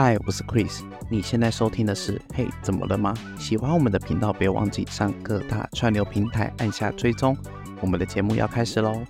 嗨，我是 Chris。你現在收聽的是《嘿，怎麼了嗎》？喜歡我們的頻道，別忘記上各大串流平台按下追蹤。我們的節目要開始嘍。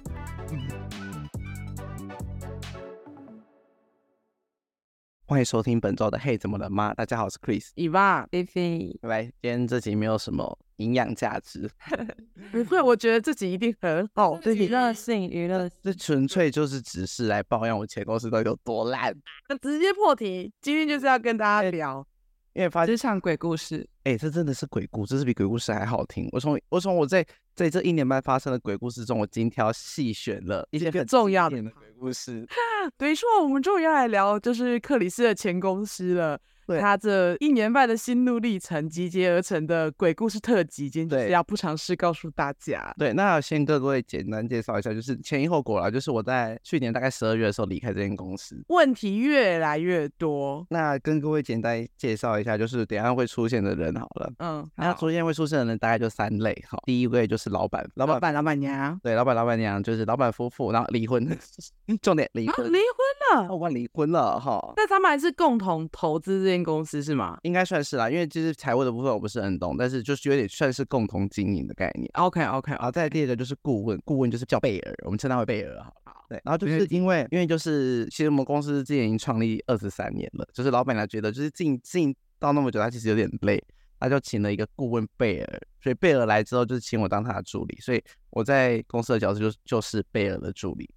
歡迎收聽本周的《Hey 怎麼了嗎？》大家好，我是 Chris，Eva，菲菲，拜拜。今天這集沒有什麼營養價值， 不會，我覺得這集一定很好， 娛樂性、娛樂性這，這純粹就是只是來抱怨我前公司到底有多爛。 那直接破題，今天就是要跟大家聊。欸因為反正講鬼故事，哎，這真的是鬼故，這是比鬼故事還好聽。我從我從我在在這一年半發生的鬼故事中，我精挑細選了些一些很重要的鬼故事。對，等於說我們終於要來聊，就是克里斯的前公司了。對，他這一年半的心路歷程集結而成的鬼故事特輯，今天只是要不嘗試告訴大家。對，那先跟各位簡單介紹一下，就是前因後果啦。就是我在去年大概十二月的時候離開這間公司，問題越來越多。那跟各位簡單介紹一下，就是等一下會出現的人好了。嗯，然後出現會出現的人大概就三類哈。第一位就是老闆，老闆、老闆娘，對，老闆、老闆娘，就是老闆夫婦，然後離婚。 重點離婚，離、啊、婚了，老闆離婚了哈、哦。但他們還是共同投資這。公司是嗎？應該算是啦、啊，因為其實財務的部分我不是很懂，但是就是有點算是共同經營的概念。OK OK，啊，再第二個就是顧問，顧問就是叫貝爾，我們稱他為貝爾好，好對，然後就是因為，因為就是其實我們公司之前已經創立二十三年了，就是老板他覺得就是經營經營到那麼久，他其實有點累，他就請了一個顧問貝爾，所以貝爾來之後就是請我當他的助理，所以我在公司的角色就就是貝爾的助理。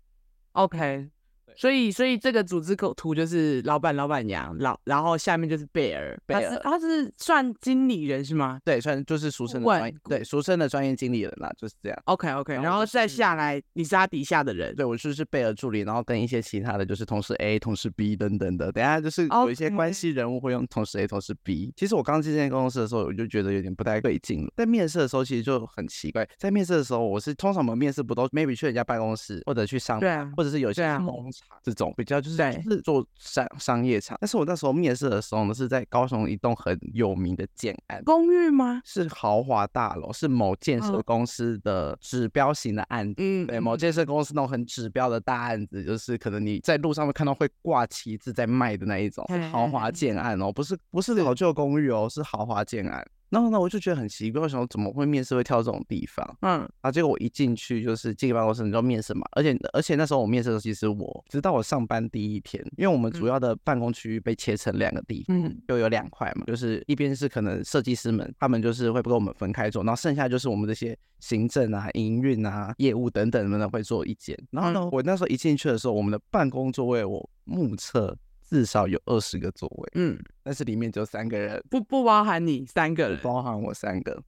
OK。所以，所以這個組織構圖就是老板、老板娘，老，然後下面就是貝爾，貝爾他是，他是算經理人是嗎？對，算就是俗稱的專業對俗稱的專業經理人啦，就是這樣。OK OK，然後、就是、然後再下來，你是他底下的人。對，我就是貝爾助理，然後跟一些其他的就是同事 A、同事 B 等等的。等下就是有一些關係人物會用同事 A、同事 B。其實我剛進這間公司的時候，我就覺得有點不太對勁了。在面試的時候，其實就很奇怪。在面試的時候，我是通常我們面試不都 maybe 去人家辦公室或者去商場、對啊，或者是有些什麼、啊。這種比較就是、就是做商商業場，但是我那時候面試的時候呢，是在高雄一棟很有名的建案公寓嗎？是豪華大樓，是某建設公司的指標型的案子，哦、對，某建設公司那種很指標的大案子、嗯，就是可能你在路上會看到會掛旗子在賣的那一種嘿嘿嘿，豪華建案哦，不是不是老舊公寓哦，是，是豪華建案。然後呢，我就覺得很奇怪，我想怎麼會面試會跳這種地方？嗯，啊，結果我一進去就是進去辦公室，你知道面試嘛？而且而且那時候我面試的時候，其實我直到我上班第一天，因為我們主要的辦公區域被切成兩個地方、嗯，就有兩塊嘛，就是一邊是可能設計師們，他們就是會跟我們分開坐，然後剩下就是我們這些行政啊、營運啊、業務等等等等會坐一間、嗯。然後呢，我那時候一進去的時候，我們的辦公座位我目測。至少有二十個座位，嗯，但是裡面就三個人，不不包含你，三個人包含我三個，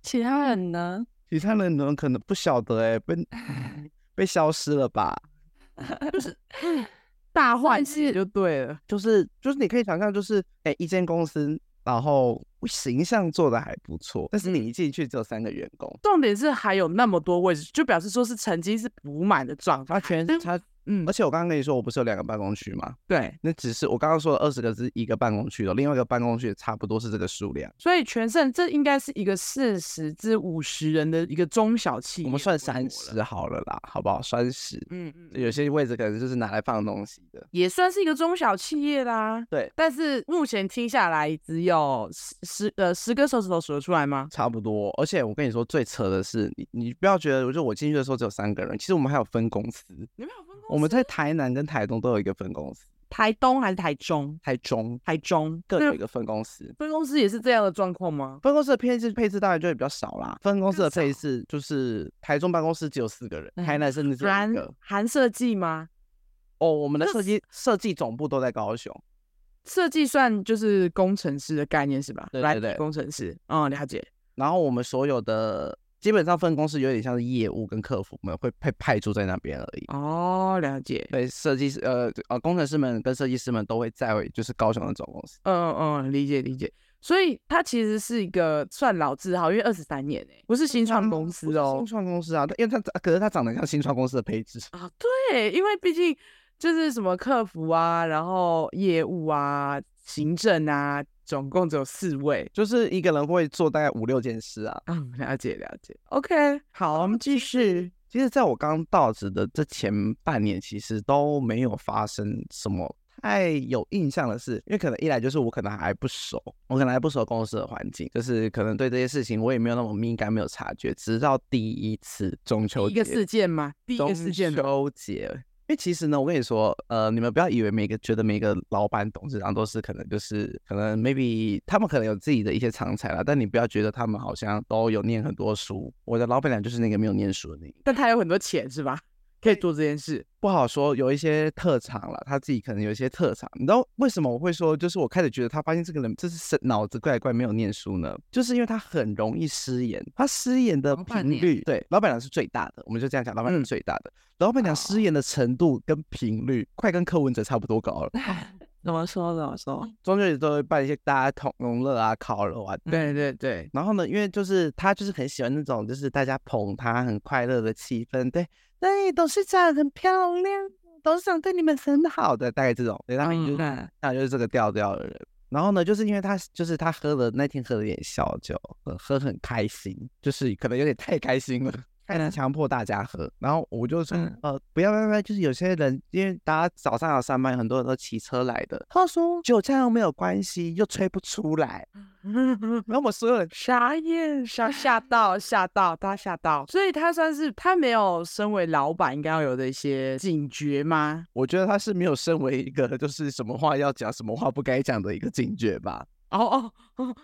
其他人呢？其他人可能可能不曉得、欸，哎，被 被消失了吧？ 就是大換血就對了， 就是就是你可以想象，就是哎、欸，一間公司，然後形象做的還不錯，但是你一進去只有三個員工、嗯，重點是還有那麼多位置，就表示說是曾經是補滿的狀態，他全是、嗯、他。嗯，而且我剛剛跟你說，我不是有兩個辦公區嗎？對，那只是我剛剛說的二十個是一個辦公區的，另外一個辦公區也差不多是這個數量。所以全盛這應該是一個四十至五十人的一個中小企業。我們算三十好了啦了，好不好？三十。嗯嗯。有些位置可能就是拿來放東西的，也算是一個中小企業啦。對，但是目前聽下來只有十十呃十個手指頭數得出來嗎？差不多。而且我跟你說最扯的是，你你不要覺得，我就我進去的時候只有三個人，其實我們還有分公司。你們有分公司。我們在台南跟台東都有一個分公司，台東還是台中？台中，台中各有一個分公司。分公司也是這樣的狀況嗎？分公司的配置配置當然就會比較少啦。分公司的配置就是台中辦公室只有四個人，台南甚至只有一個。含設計嗎？哦、oh,，我們的設計設計總部都在高雄，設計算就是工程師的概念是吧？對對，對工程師，嗯，了解。然後我們所有的。基本上分公司有點像是業務跟客服們會被派駐在那邊而已。哦，了解。對，設計師呃呃，工程師們跟設計師們都會在位，就是高雄的總公司。嗯嗯，理解理解。所以它其實是一個算老字號，因為二十三年哎、欸，不是新創公司哦、喔。嗯、是新創公司啊，因為它可是它長得像新創公司的配置啊、哦。對，因為畢竟就是什麼客服啊，然後業務啊，行政啊。總共只有四位，就是一個人會做大概五六件事啊。嗯，了解了解。OK，好，我們繼續。其實，在我剛到職的這前半年，其實都沒有發生什麼太有印象的事，因為可能一來就是我可能還不熟，我可能還不熟公司的環境，就是可能對這些事情我也沒有那麼敏感，沒有察覺。直到第一次中秋節。第一個事件嗎？第一個事件，中秋節。因為其實呢，我跟你說，呃，你們不要以為每個覺得每個老闆董事長都是可能就是可能 maybe 他們可能有自己的一些長才啦，但你不要覺得他們好像都有念很多書。我的老闆娘就是那個沒有念書的那個，但他有很多錢是吧？可以做這件事不好說，有一些特長了，他自己可能有一些特長。你知道為什麼我會說，就是我開始覺得他發現這個人這是腦子怪怪，沒有念書呢，就是因為他很容易失言，他失言的頻率，對，老闆娘是最大的，我們就這樣講，老闆娘是最大的，嗯、老闆娘失言的程度跟頻率、嗯，快跟柯文哲差不多高了、啊。怎麼說？怎麼說？中秋節都會辦一些大家同樂啊，烤肉啊、嗯。對對對。然後呢，因為就是他就是很喜歡那種就是大家捧他很快樂的氣氛，對。對，董事長很漂亮，董事長對你們很好的，大概這種，對他們就是，那、嗯、就是這個調調的人。然後呢，就是因為他，就是他喝了那天喝了點小酒，喝很開心，就是可能有點太開心了。太難，強迫大家喝，然後我就說：“嗯、呃，不要，不要，不要，就是有些人因為大家早上要上班，很多人都騎車來的。”他說：“酒駕又沒有關係，又吹不出來。 ”然後我們所有人傻眼，嚇到，嚇到，大家嚇到。”所以他算是他沒有身為老板應該要有的一些警覺嗎？我覺得他是沒有身為一個就是什麼話要講，什麼話不該講的一個警覺吧。哦哦，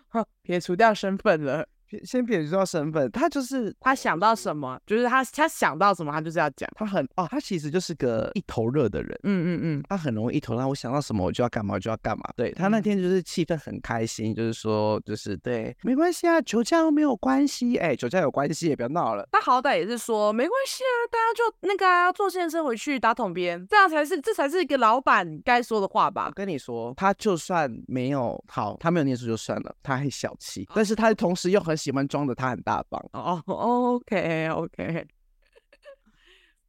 撇除掉身份了。先撇除掉身份，他就是他想到什麼，就是他他想到什麼，他就是要講。他很哦，他其實就是個一頭熱的人。嗯嗯嗯，他很容易一頭熱。我想到什麼，我就要幹嘛，我就要幹嘛。對，他那天就是氣氛很開心、嗯，就是說，就是對，沒關係啊，酒駕又沒有關係，哎、欸，酒駕有關係也不要鬧了。他好歹也是說沒關係啊，大家就那個啊，坐計程車回去打桶邊，這樣才是這才是一個老板該說的話吧？我跟你說，他就算沒有好，他沒有念書就算了，他很小氣，但是他同時又很。喜歡裝的他很大方哦、oh,，OK OK，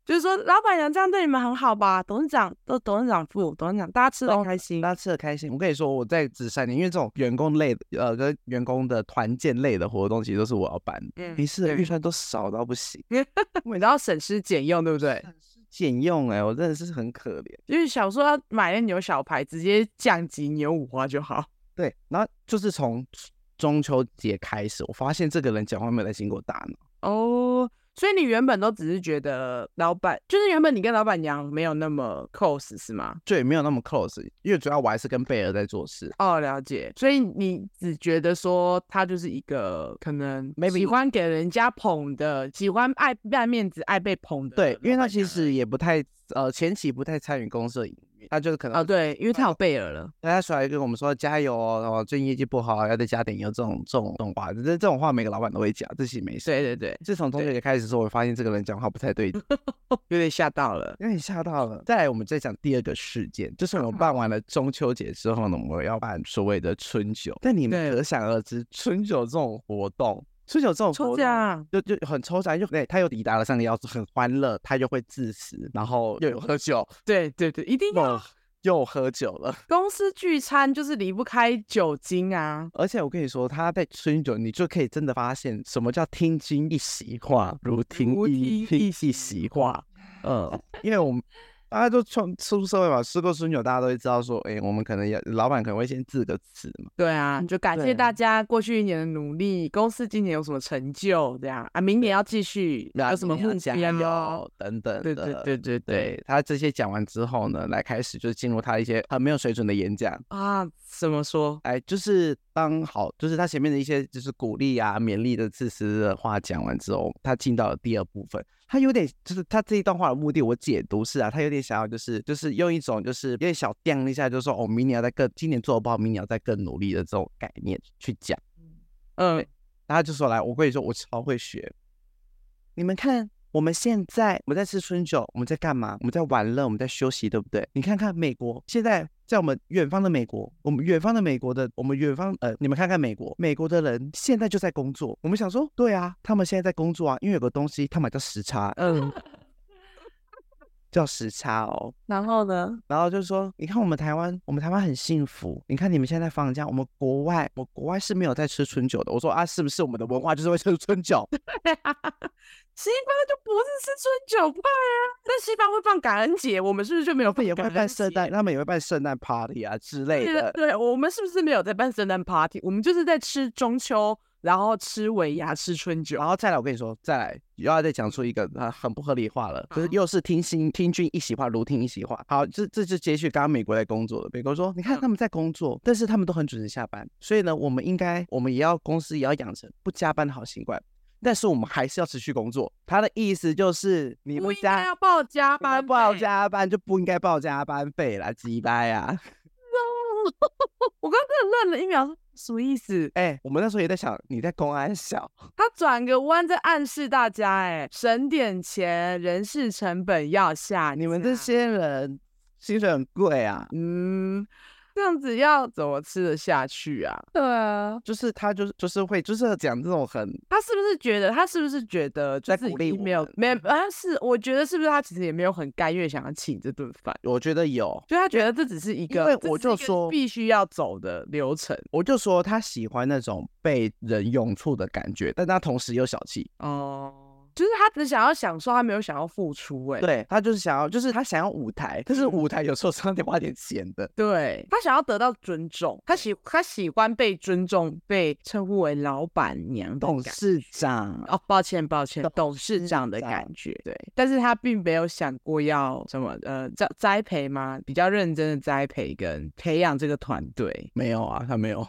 就是說，老闆娘這樣對你們很好吧？董事長都董事長副董事長，大家吃的開心，大家吃的開,、哦、開心。我跟你說，我在職三年，因為這種員工類的呃跟員工的團建類的活動，其實都是我要辦的。每、嗯、次的預算都少到不行，你 都要省吃儉用對不對？省,省用哎、欸，我真的是很可憐，就是想說要買了牛小排，直接降級牛五花就好。對，然後就是從。中秋節開始，我發現這個人講話沒有在經過大腦。哦、oh,，所以你原本都只是覺得老闆，就是原本你跟老闆娘沒有那麼 close 是嗎？對，沒有那麼 close，因為主要我還是跟貝爾在做事。哦、oh,，了解。所以你只覺得說他就是一個可能喜歡給人家捧的，Maybe... 喜歡愛愛面子、愛被捧的。對，因為他其實也不太呃前期不太參與公司。他就是可能啊、哦，對，因為他有貝爾了，他出來跟我們說加油哦，哦，最近業績不好，要再加點油，這種這種動畫，這種這種話每個老闆都會講，自己沒事。對對對，自從中秋節開始之後，我發現這個人講話不太對，有 點嚇到了，有點嚇到了。再來，我們再講第二個事件，就是我們辦完了中秋節之後呢， 我們要辦所謂的春酒，但你們可想而知，春酒這種活動。春酒這種抽獎、啊，就就很抽獎，他又抵達了上個要是很歡樂，他就會致辭，然後又有喝酒，對對對，一定要、呃、又喝酒了。公司聚餐就是離不開酒精啊，而且我跟你說，他在春酒，你就可以真的發現什麼叫聽君一席話，如聽一,一席聽一席，席話，嗯、呃， 因為我們。大家都出出社會嘛，吃過尾牙，大家都會知道說，哎、欸，我們可能也老闆可能會先致個詞嘛。對啊，就感謝大家過去一年的努力，公司今年有什麼成就，這樣啊，明年要繼續有什麼目標、啊、等等。對對對對對，對、對，他這些講完之後呢，來開始就是進入他一些很沒有水準的演講啊。怎麼說？哎，就是剛好就是他前面的一些就是鼓勵啊、勉勵的致詞的話講完之後，他進到了第二部分。他有點，就是他這一段話的目的，我解讀是啊，他有點想要，就是就是用一種就是有點小 down 一下，就是說哦，明年要再更，今年做的不好，明年要再更努力的這種概念去講。嗯，然後就說，來，我跟你說，我超會學，你們看。我們現在我們在吃春酒，我們在幹嘛？我們在玩樂，我們在休息，對不對？你看看美國現在在我們遠方的美國，我們遠方的美國的我們遠方呃，你們看看美國，美國的人現在就在工作。我們想說，對啊，他們現在在工作啊，因為有個東西，他們叫時差，嗯，叫時差哦。然後呢？然後就是說，你看我們台灣，我們台灣很幸福。你看你們現在放假，我們國外，我國外是沒有在吃春酒的。我說啊，是不是我們的文化就是會吃春酒？ 西方就不是吃春酒吧啊，但西方會放感恩節，我們是不是就沒有辦？他們也會辦聖誕，他們也會辦聖誕 party 啊之類的。對，我們是不是沒有在辦聖誕 party？我們就是在吃中秋，然後吃尾牙，吃春酒。然後再來，我跟你說，再來又要再講出一個很不合理話了。可是又是聽心聽君一席話，如聽一席話。好，這這就接續剛剛美國在工作的。美國說，你看他們在工作，嗯，但是他們都很準時下班，所以呢，我們應該，我們也要公司也要養成不加班的好習慣。但是我們還是要持續工作。他的意思就是你，你不應該要報加班，班，不報加班就不應該報加班費了，雞巴呀！No. 我剛剛真的愣了一秒，是什麼意思？哎、欸，我們那時候也在想，你在公安小，他轉個彎在暗示大家、欸，哎，省點錢，人事成本要下。你們這些人、啊、薪水很貴啊，嗯。這樣子要怎麼吃得下去啊？對啊，就是他，就是就是會，就是講這種很，他是不是覺得，他是不是覺得是，在鼓勵自己沒有沒、啊、是，我覺得是不是他其實也沒有很甘願想要請這頓飯？我覺得有，就他覺得這只是一個，因為我就說必須要走的流程。我就說他喜歡那種被人用處的感覺，但他同時又小氣哦。Oh. 就是他只想要享受，他沒有想要付出、欸。哎，對，他就是想要，就是他想要舞台，但是舞台有時候是要得花點錢的。對，他想要得到尊重，他喜他喜歡被尊重，被稱呼為老闆娘、董事長。哦，抱歉抱歉董，董事長的感覺。對，但是他並沒有想過要什麼呃，栽栽培嗎？比較認真的栽培跟培養這個團隊？沒有啊，他沒有，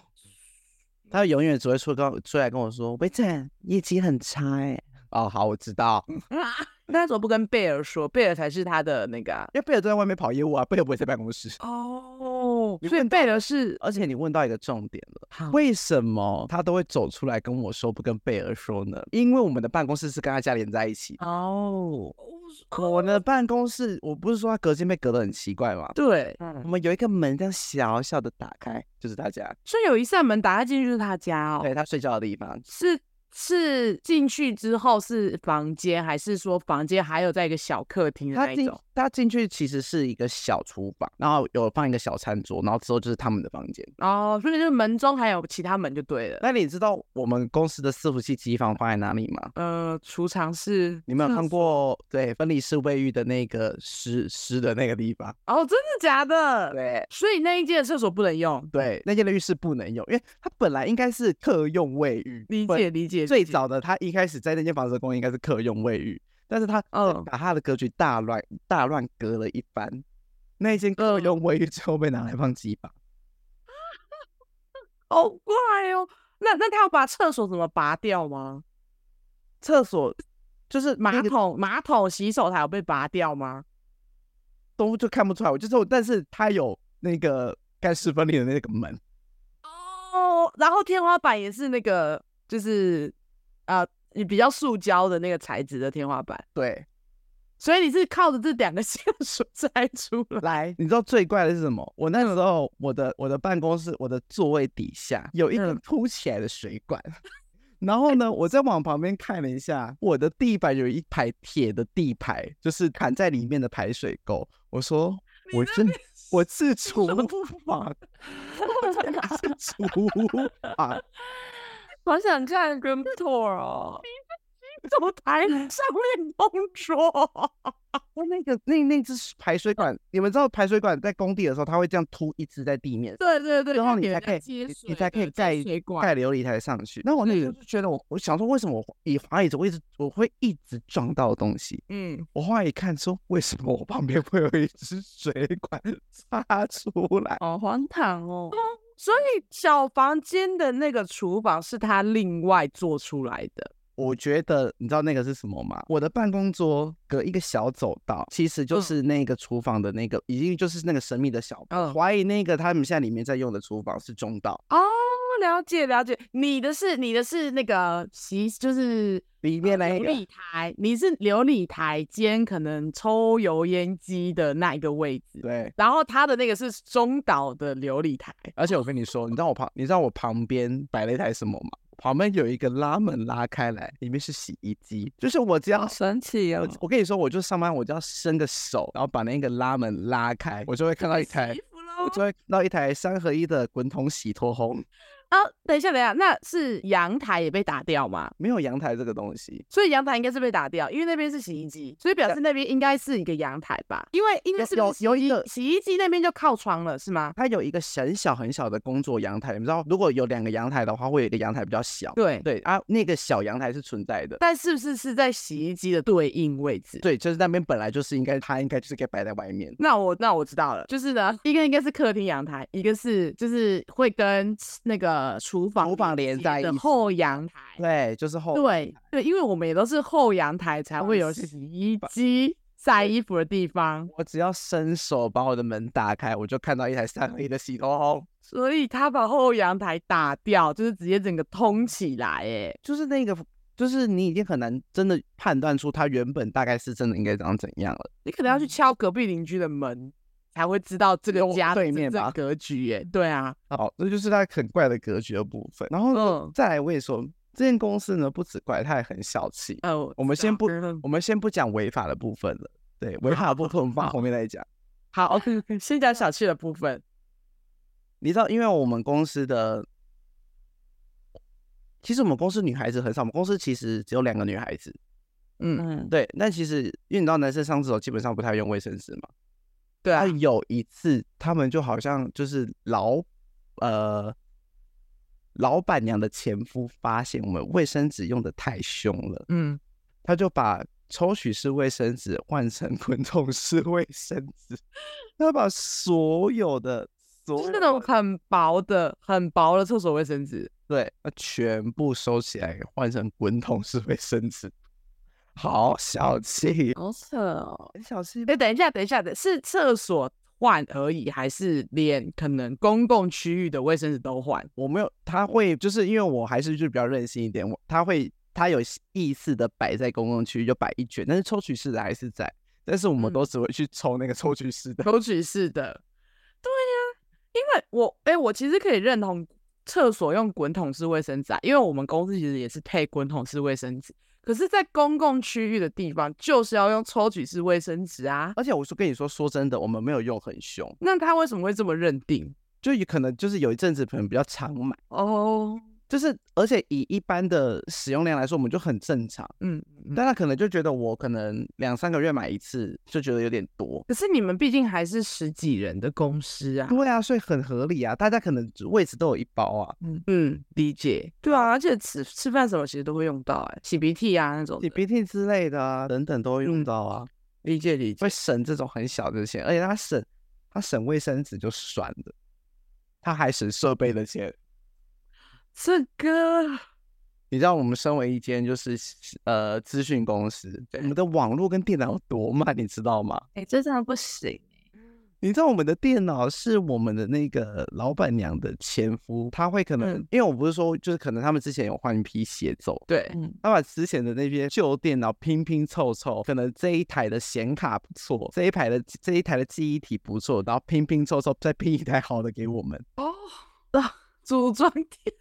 他永遠只會出跟出來跟我說，喂賤業績很差哎、欸。哦，好，我知道。那 他怎麼不跟貝爾說？貝爾才是他的那個、啊，因為貝爾都在外面跑業務啊，貝爾不會在辦公室。哦、oh,，所以貝爾是，而且你問到一個重點了，huh? 為什麼他都會走出來跟我說，不跟貝爾說呢？因為我們的辦公室是跟他家連在一起。哦、oh,，我的辦公室，我不是說他隔間被隔得很奇怪嗎？對，我們有一個門，這樣小小的打開，就是他家。 所以有一扇門打開進去就是他家哦，對，他睡覺的地方是。是進去之後是房間，還是說房間還有在一個小客廳裡面？他進他進去其實是一個小廚房，然後有放一個小餐桌，然後之後就是他們的房間哦。所以就是門中還有其他門就對了。那你知道我們公司的伺服器機房放在哪裡嗎？呃，儲藏室。你們有看過對分離式衛浴的那個濕濕的那個地方哦？真的假的？對，所以那一間的廁所不能用，對，那間的浴室不能用，因為它本來應該是特用衛浴。理解理解。最早的他一開始在那間房子的公寓應該是客用衛浴，但是他把他的格局大亂、呃、大亂隔了一番，那間客用衛浴最後被拿來放雞吧，好、呃哦、怪哦！那那他要把廁所怎麼拔掉嗎？廁所就是、那個、馬桶馬桶洗手台有被拔掉嗎？都就看不出來，我就說，但是他有那個乾濕分離的那個門，哦，然後天花板也是那個。就是，啊、呃，你比較塑膠的那個材質的天花板。對，所以你是靠着這兩個線索猜出來、來。你知道最怪的是什麼？我那時候我的、嗯、我的辦公室我的座位底下有一個鋪起來的水管，嗯、 然後呢，我再往旁邊看了一下， 我的地板有一排鐵的地排，就是躺在裡面的排水溝。我說，你你我真的，我是廚房，我是廚房。 廚房好想看、哦《Grand Tour》哦你自怎麼台上面工作、啊？我 那個那那只排水管，哦，你們知道排水管在工地的時候，它會這樣凸一支在地面。對對對，然後你才可以，接你才可以在水管流理台上去。那我那個就覺得我，我我想說，為什麼我一滑椅我一直我會一直撞到東西？嗯，我後來一看，說為什麼我旁邊會有一只水管插出來？好、哦、荒唐哦！哦所以小房間的那個廚房是他另外做出來的。我覺得你知道那個是什麼嗎？我的辦公桌隔一個小走道，其實就是那個廚房的那個，已經就是那個神秘的小。嗯，懷疑那個他們現在裡面在用的廚房是中道島，哦。了解了解，你的是你的是那個洗，就是裡面的、那個呃、流理台，你是流理台兼可能抽油煙機的那一個位置。對，然後他的那個是中島的流理台。而且我跟你說，你知道我旁你知道我旁邊擺了一台什麼嗎？旁邊有一個拉門拉開來，裡面是洗衣機。就是我這樣好神奇呀、哦！我跟你說，我就上班，我就要伸個手，然後把那個拉門拉開，我就會看到一台，我就會看到一台三合一的滾筒洗脫烘。啊、oh，等一下，等一下，那是陽台也被打掉嗎？沒有陽台這個東西，所以陽台應該是被打掉，因為那邊是洗衣機，所以表示那邊應該是一個陽台吧？因為應該是，是有有，有一個洗衣機那邊就靠窗了，是嗎？它有一個很小很小的工作陽台，你知道，如果有兩個陽台的話，會有一個陽台比較小。對對啊，那個小陽台是存在的，但是不是是在洗衣機的對應位置？對，就是那邊本來就是應該它應該就是可以擺在外面。那我那我知道了，就是呢，一個應該是客廳陽台，一個是就是會跟那個。呃，廚房廚房連在的後陽台，對，就是後對對，因為我們也都是後陽台才會有洗衣機、曬衣服的地方。我只要伸手把我的門打開，我就看到一台三合一的洗脫烘。所以他把後陽台打掉，就是直接整個通起來，哎，就是那個，就是你已經很難真的判斷出它原本大概是真的應該長怎樣了。你可能要去敲隔壁鄰居的門。嗯才會知道這個家裡面的格局耶。欸，對啊，好，那就是他很怪的格局的部分。然後、嗯、再來我也說，這間公司呢，不止怪，它也很小氣。哦、嗯、我們先不，嗯、我們先不講違法的部分了，對，違法的部分我們放後面再講。嗯、好，OK，先講小氣的部分。 你知道，因為我們公司的，其實我們公司女孩子很少，我們公司其實只有兩個女孩子。嗯嗯，對。但其實，因為你知道，男生上廁所基本上不太用衛生紙嘛。對啊，有一次，啊、他們就好像就是老呃老闆娘的前夫發現我們衛生紙用的太凶了，嗯，他就把抽取式衛生紙換成滾筒式衛生紙，他把所有的所有的，就是那種很薄的、很薄的廁所衛生紙，對，全部收起來，換成滾筒式衛生紙。好小氣，好扯，小氣。哎，等一下，等一下，等下是廁所換而已，還是連可能公共區域的衛生紙都換？我沒有，他會就是因為我還是就比較任性一點，我他會他有意識的擺在公共區域就擺一卷，但是抽取式的還是在，但是我們都只會去抽那個抽取式的。嗯、抽取式的，對呀、啊，因為我哎、欸，我其實可以認同廁所用滾筒式衛生紙、啊，因為我們公司其實也是配滾筒式衛生紙。可是，在公共區域的地方，就是要用抽取式衛生紙啊！而且，我是跟你說，說真的，我們沒有用很凶。那他為什麼會這麼認定？就有可能就是有一陣子可能比較常買哦。Oh 就是，而且以一般的使用量來說，我們就很正常，嗯。嗯，但他可能就覺得我可能兩三個月買一次就覺得有點多。可是你們畢竟還是十幾人的公司啊。對啊，所以很合理啊。大家可能衛生紙都有一包啊。嗯嗯，理解。對啊，而且吃吃飯什麼其實都會用到，哎，擤鼻涕啊那種，擤鼻涕之類的啊等等都會用到啊、嗯。理解理解，會省這種很小的錢，而且他省他省衛生紙就算了，他還省設備的錢。這個，你知道我們身為一間就是呃資訊公司，我們的網絡跟電腦有多慢，你知道嗎？哎、欸，這這樣不行、欸、你知道我們的電腦是我們的那個老闆娘的前夫，他會可能、嗯、因為我不是說就是可能他們之前有換一批鞋奏。對、嗯，他把之前的那些舊電腦拼拼湊湊，可能這一台的顯卡不錯，這一台的這一台的記憶體不錯，然後拼拼湊湊再拼一台好的給我們哦，啊，組裝電腦。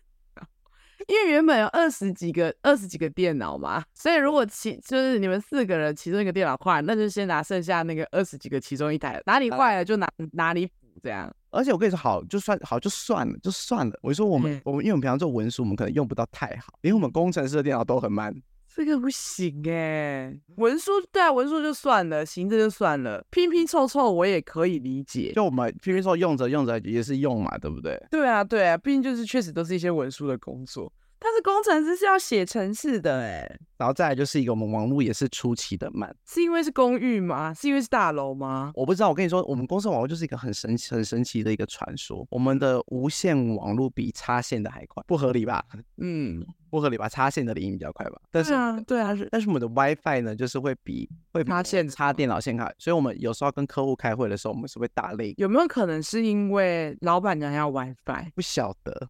因為原本有二十幾個、二十幾個電腦嘛，所以如果其就是你們四個人其中一個電腦壞了，那就先拿剩下那個二十幾個其中一台。哪裡壞了就拿哪、啊、哪裡補這樣。而且我跟你說，好就算好就算了就算了，我就說我們、嗯、我們因為我們平常做文書，我們可能用不到太好，因為我們工程師的電腦都很慢。這個不行哎、欸，文書對啊，文書就算了，行政就算了，拼拼湊湊我也可以理解，就我們拼拼湊湊用着用着也是用嘛，對不對？對啊，對啊，畢竟就是確實都是一些文書的工作。但是工程師，是要寫程式的哎、欸。然後再來就是一個我們網絡也是出奇的慢，是因為是公寓嗎？是因為是大樓嗎？我不知道。我跟你說，我們公司網絡就是一個很神奇、很神奇的一個傳說。我們的無線網絡比插線的還快，不合理吧？嗯，不合理吧？插線的理應比較快吧？嗯、但是啊，對啊，但是我們的 WiFi 呢，就是會比會插線插電腦線卡。所以我們有時候跟客戶開會的時候，我們是會打雷。有沒有可能是因為老闆娘要 WiFi？不曉得。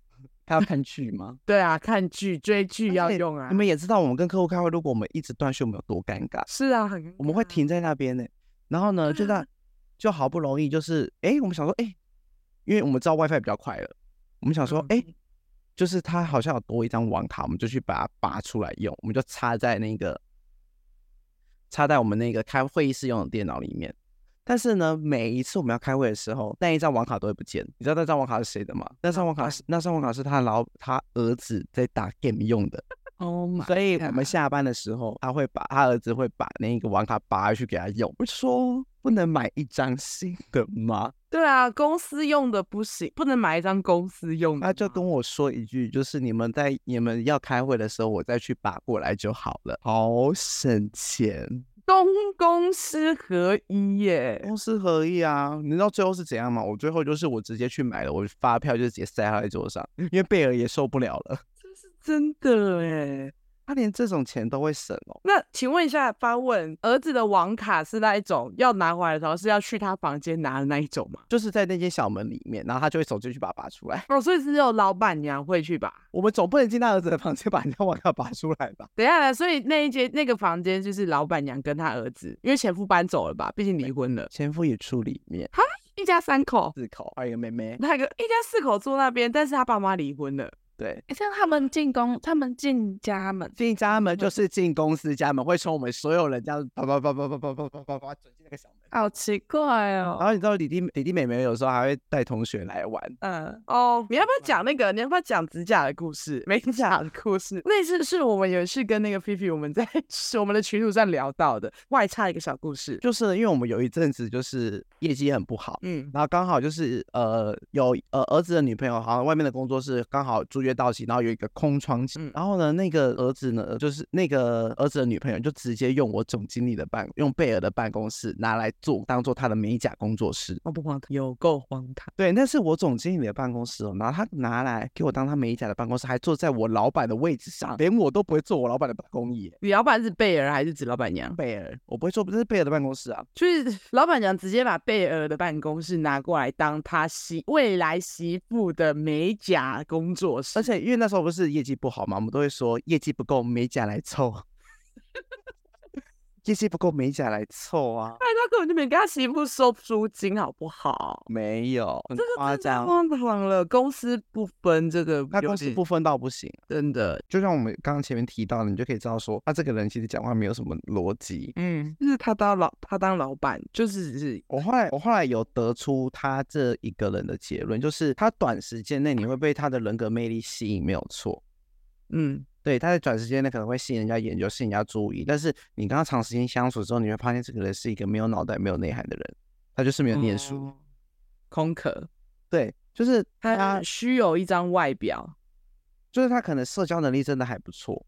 要看劇嗎？ 對啊，看劇追劇要用啊、哎。你們也知道，我們跟客戶開會，如果我們一直斷線，我們有多尷尬？是啊，很尷尬。我們會停在那邊呢。然後呢，嗯、就在就好不容易，就是哎、欸，我們想說哎、欸，因為我們知道 WiFi 比較快了，我們想說哎、嗯欸，就是它好像有多一張網卡，我們就去把它拔出來用，我們就插在那個插在我們那個開會議室用的電腦裡面。但是呢，每一次我們要開會的時候，那一張網卡都會不見。你知道那張網卡是誰的嗎？那張網卡是、oh. 那張網卡是他老他兒子在打 game 用的。哦、oh，所以我們下班的時候，他會把他兒子會把那個網卡拔去給他用。不是說不能買一張新的嗎？對啊，公司用的不行，不能買一張公司用的。他就跟我說一句，就是你們在你們要開會的時候，我再去拔過來就好了，好省錢。公公私合一耶、欸，公私合一啊！你知道最後是怎樣嗎？我最後就是我直接去買了，我發票就直接塞他在桌上，因為貝爾也受不了了。這是真的耶、欸。他連這種錢都會省哦？那請問一下，發問兒子的網卡是那一種？要拿回來的時候是要去他房間拿的那一種嗎？就是在那間小門裡面，然後他就會走進去把它拔出來。哦，所以只有老闆娘會去吧？我們總不能進他兒子的房間把人家網卡拔出來吧？等一下，所以那一間那個房間就是老闆娘跟他兒子，因為前夫搬走了吧？畢竟離婚了，前夫也住裡面。哈，一家三口四口，還有個妹妹。那個一家四口住那邊，但是他爸媽離婚了。對，像他們進公，他們進家門，進家門就是進公司家門，會從我們所有人這樣叭叭叭叭叭叭叭叭，啪啪轉進那個小門。好奇怪哦、嗯！然後你知道弟弟弟弟妹妹有時候還會帶同學來玩。嗯，哦、oh, 那個嗯，你要不要講那個？你要不要講指甲的故事？美甲的故事。那次是我們也是跟那個菲菲，我們在我們的群組上聊到的外插一個小故事，就是呢因為我們有一陣子就是業績很不好，嗯，然後剛好就是呃有呃兒子的女朋友，好像外面的工作室剛好租約到期，然後有一個空窗期、嗯。然後呢，那個兒子呢，就是那個兒子的女朋友就直接用我總經理的辦用貝兒的辦公室拿來。做當做他的美甲工作室，我、哦、不荒唐，他有夠荒唐。對，那是我總經理的辦公室哦，然後他拿來給我當他美甲的辦公室，還坐在我老闆的位置上，連我都不會坐。我老闆的辦公椅。你老闆是貝爾還是指老闆娘？貝爾，我不會坐。這是貝爾的辦公室啊。就是老闆娘直接把貝爾的辦公室拿過來當他媳未來媳婦的美甲工作室，而且因為那時候不是業績不好嘛，我們都會說業績不夠，美甲來湊。 業績不夠美甲來湊啊、哎！他根本就沒跟他媳婦收租金，好不好？沒有，這個真的荒唐了。公司不分這個，他公司不分倒不行、啊，真的。就像我們剛剛前面提到的，你就可以知道說，他這個人其實講話沒有什麼邏輯。嗯，就是他當老，他當老板，就是是。我後來，我後來有得出他這一個人的結論，就是他短時間內你會被他的人格魅力吸引，沒有錯。嗯。對，他在短時間內可能會吸引人家研究，吸引人家注意，但是你跟他長時間相處之後，你會發現這個人是一個沒有腦袋、沒有內涵的人，他就是沒有念書，嗯、空殼。對，就是他虛有一張外表，就是他可能社交能力真的還不錯。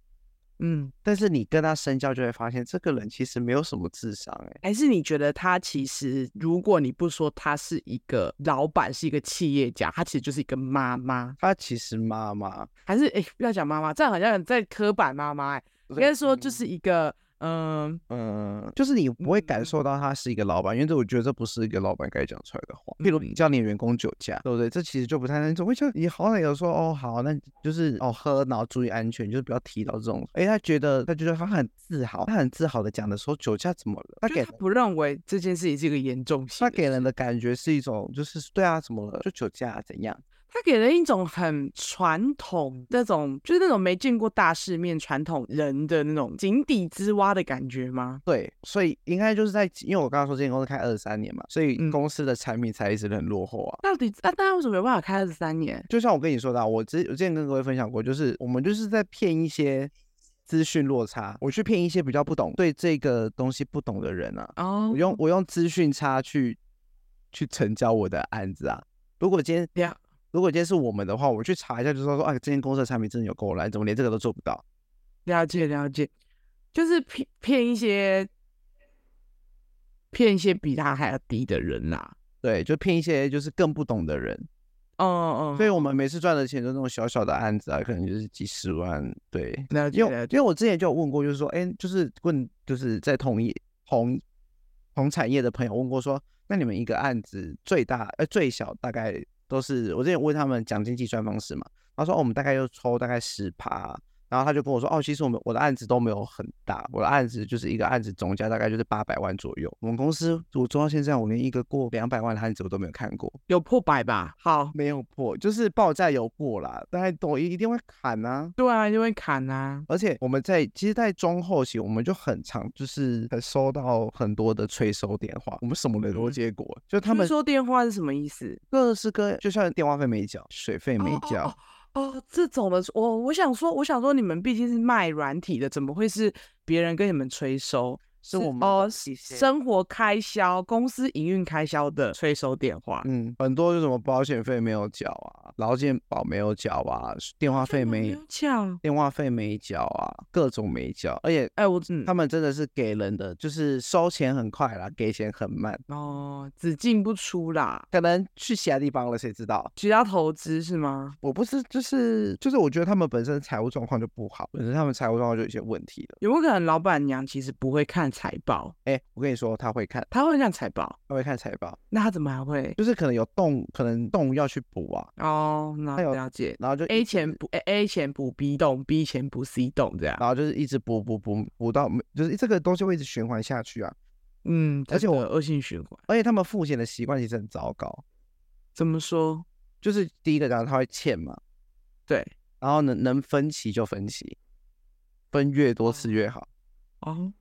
嗯，但是你跟他深交就會發現，這個人其實沒有什麼智商，哎、欸，還是你覺得他其實，如果你不說他是一個老闆，是一個企業家，他其實就是一個媽媽，他其實媽媽，還是哎、欸，不要講媽媽，這樣好像在刻板媽媽欸，應該說就是一個。嗯嗯，就是你不會感受到他是一個老闆、嗯，因為我覺得這不是一個老闆該講出來的話。比如你叫你員工酒駕，對不對？這其實就不太那種。我想你好歹有說哦好，那就是哦喝，然後注意安全，就是不要提到這種。哎，他覺得他覺得他很自豪，他很自豪的講的時候，酒駕怎麼了？他給他不認為這件事情是一個嚴重性，他給人的感覺是一種就是對啊，怎麼了？就酒駕怎樣？他給人一種很傳統那種，就是那種沒見過大世面傳統人的那種井底之蛙的感覺嗎？對，所以應該就是在，因為我剛剛說這間公司開二十三年嘛，所以公司的產品才一直很落後啊。嗯、到底那大家為什麼沒辦法開二十三年？就像我跟你說的，我之我之前跟各位分享過，就是我們就是在騙一些資訊落差，我去騙一些比較不懂對這個東西不懂的人啊。哦、oh.，我用我用資訊差去去成交我的案子啊。如果今天、yeah. 如果今天是我們的話，我去查一下，就是說說，哎，這間公司的產品真的有夠爛，怎麼連這個都做不到？了解了解，就是騙騙一些騙一些比他還要低的人吶、啊。對，就騙一些就是更不懂的人。嗯嗯。所以我們每次賺的錢就那種小小的案子啊，可能就是幾十萬。對，了解了解。因為因為我之前就有問過，就是說，哎，就是問就是在同一同同產業的朋友問過說，那你們一個案子最大呃最小大概？都是我之前問他們獎金計算方式嘛，他說、哦、我們大概要抽大概十趴。然後他就跟我說：“哦，其實我們我的案子都沒有很大，我的案子就是一個案子總價大概就是八百萬左右。我們公司我做到現在，我連一個過兩百萬的案子我都沒有看過，有破百吧？好，沒有破，就是報價有過啦。但抖音一定會砍啊。對啊，一定會砍啊。而且我們在其實在中後期，我們就很常就是收到很多的催收電話，我們什麼人都接過。就他們，催收電話是什麼意思？各式各，就像電話費沒交，水費沒交。Oh, ” oh, oh. 哦，這種的，我、哦、我想說，我想說，你們畢竟是賣軟體的，怎麼會是別人跟你們催收？是，是我們、哦、生活開銷、公司營運開銷的催收電話，嗯，很多就是什麼保險費沒有繳啊，勞健保沒有繳啊，電話費沒繳，電話費沒繳啊，各種沒繳，而且，哎，我、嗯、他們真的是給人的，就是收錢很快啦，給錢很慢哦，只進不出啦，可能去其他地方了，誰知道？其他投資是嗎？我不是，就是，就是我覺得他們本身財務狀況就不好，本身他們財務狀況就有一些問題了，有沒有可能老闆娘其實不會看？財報，哎、欸，我跟你說，他會看，他會看財報，他會看財報。那他怎麼還會？就是可能有洞，可能洞要去補啊。哦、oh，他有了解，然後就 A 錢補 A，A 錢補 B 洞，B 錢補 C 洞這樣，然後就是一直補補補補到，就是這個東西會一直循環下去啊。嗯，而且我惡性循環，而且他們付錢的習慣其實很糟糕。怎麼說？就是第一個，然後他會欠嘛。對，然後能能分期就分期，分越多次越好。哦、oh. oh.。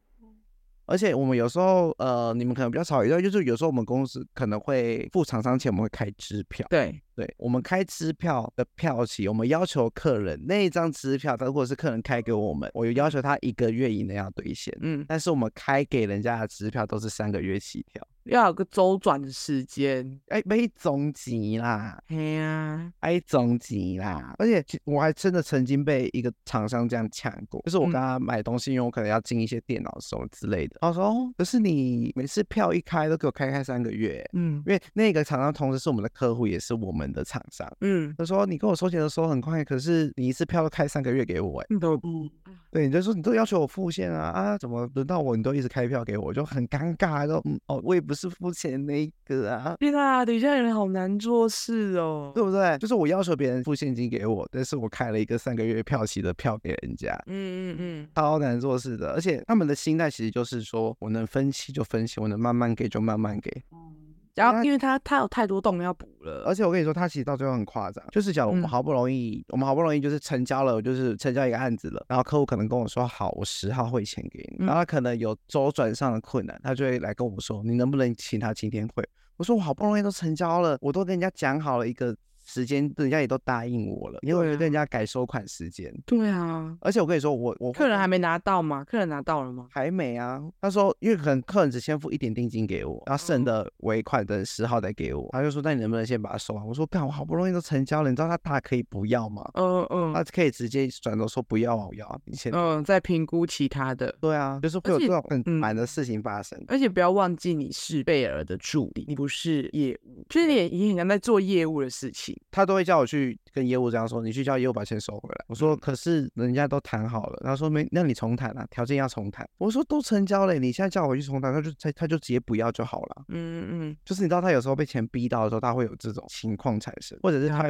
而且我們有時候，呃，你們可能比較少遇到，就是有時候我們公司可能會付廠商錢，我們會開支票。對。對，我們開支票的票期，我們要求客人那一張支票，他如果是客人開給我們，我又要求他一個月以內要兌現。嗯，但是我們開給人家的支票都是三個月起跳，要有個周轉的時間。哎，被總級啦，哎呀，哎，總級啦。而且我還真的曾經被一個廠商這樣嗆過，就是我跟他買東西，因為我可能要進一些電腦什麼之類的，嗯，他說：“可是你每次票一開都給我開開三個月。”嗯，因為那個廠商同時是我們的客戶，也是我們。們的廠商，嗯，他、就是、說你跟我收錢的時候很快，可是你一次票都開三個月給我，哎、嗯，嗯，對，你就說你都要求我付現啊，啊，怎麼輪到我，你都一直開票給我，就很尷尬，說、嗯，哦，我也不是付錢那一個啊，對啊，底下人好難做事哦，對不對？就是我要求別人付現金給我，但是我開了一個三個月票期的票給人家，嗯嗯嗯，超難做事的，而且他們的心態其實就是說，我能分期就分期，我能慢慢給就慢慢給，嗯然後，因為他他有太多洞要補了，而且我跟你說，他其實到最後很誇張，就是講我們好不容易，嗯，我們好不容易就是成交了，就是成交一個案子了。然後客戶可能跟我說，好，我十號匯錢給你。然後他可能有周轉上的困難，他就會來跟我說，你能不能請他今天匯？我說我好不容易都成交了，我都跟人家講好了一個。時間，人家也都答應我了，因為人家改收款時間？對啊，而且我跟你說，我我客人還沒拿到嗎？客人拿到了嗎？還沒啊。他說，因為可能客人只先付一點定金給我，然後剩的尾、嗯、款等十號再給我。他就說，那你能不能先把它收完？我說，看我好不容易都成交了，你知道他大可以不要嗎？嗯嗯，他可以直接轉頭說不要啊，我要啊你先嗯再評估其他的。對啊，就是會有這種很煩的事情發生而、嗯。而且不要忘記，你是貝爾的助理你，你不是業務，就是你也已經很像在做業務的事情。他都會叫我去跟業務這樣說，你去叫業務把錢收回來。我說、嗯、可是人家都談好了，他說沒，那你重談啊，條件要重談。我說都成交了，你現在叫我回去重談，他就他他就直接不要就好了。嗯嗯，就是你知道他有時候被錢逼到的時候，他會有這種情況產生，或者是他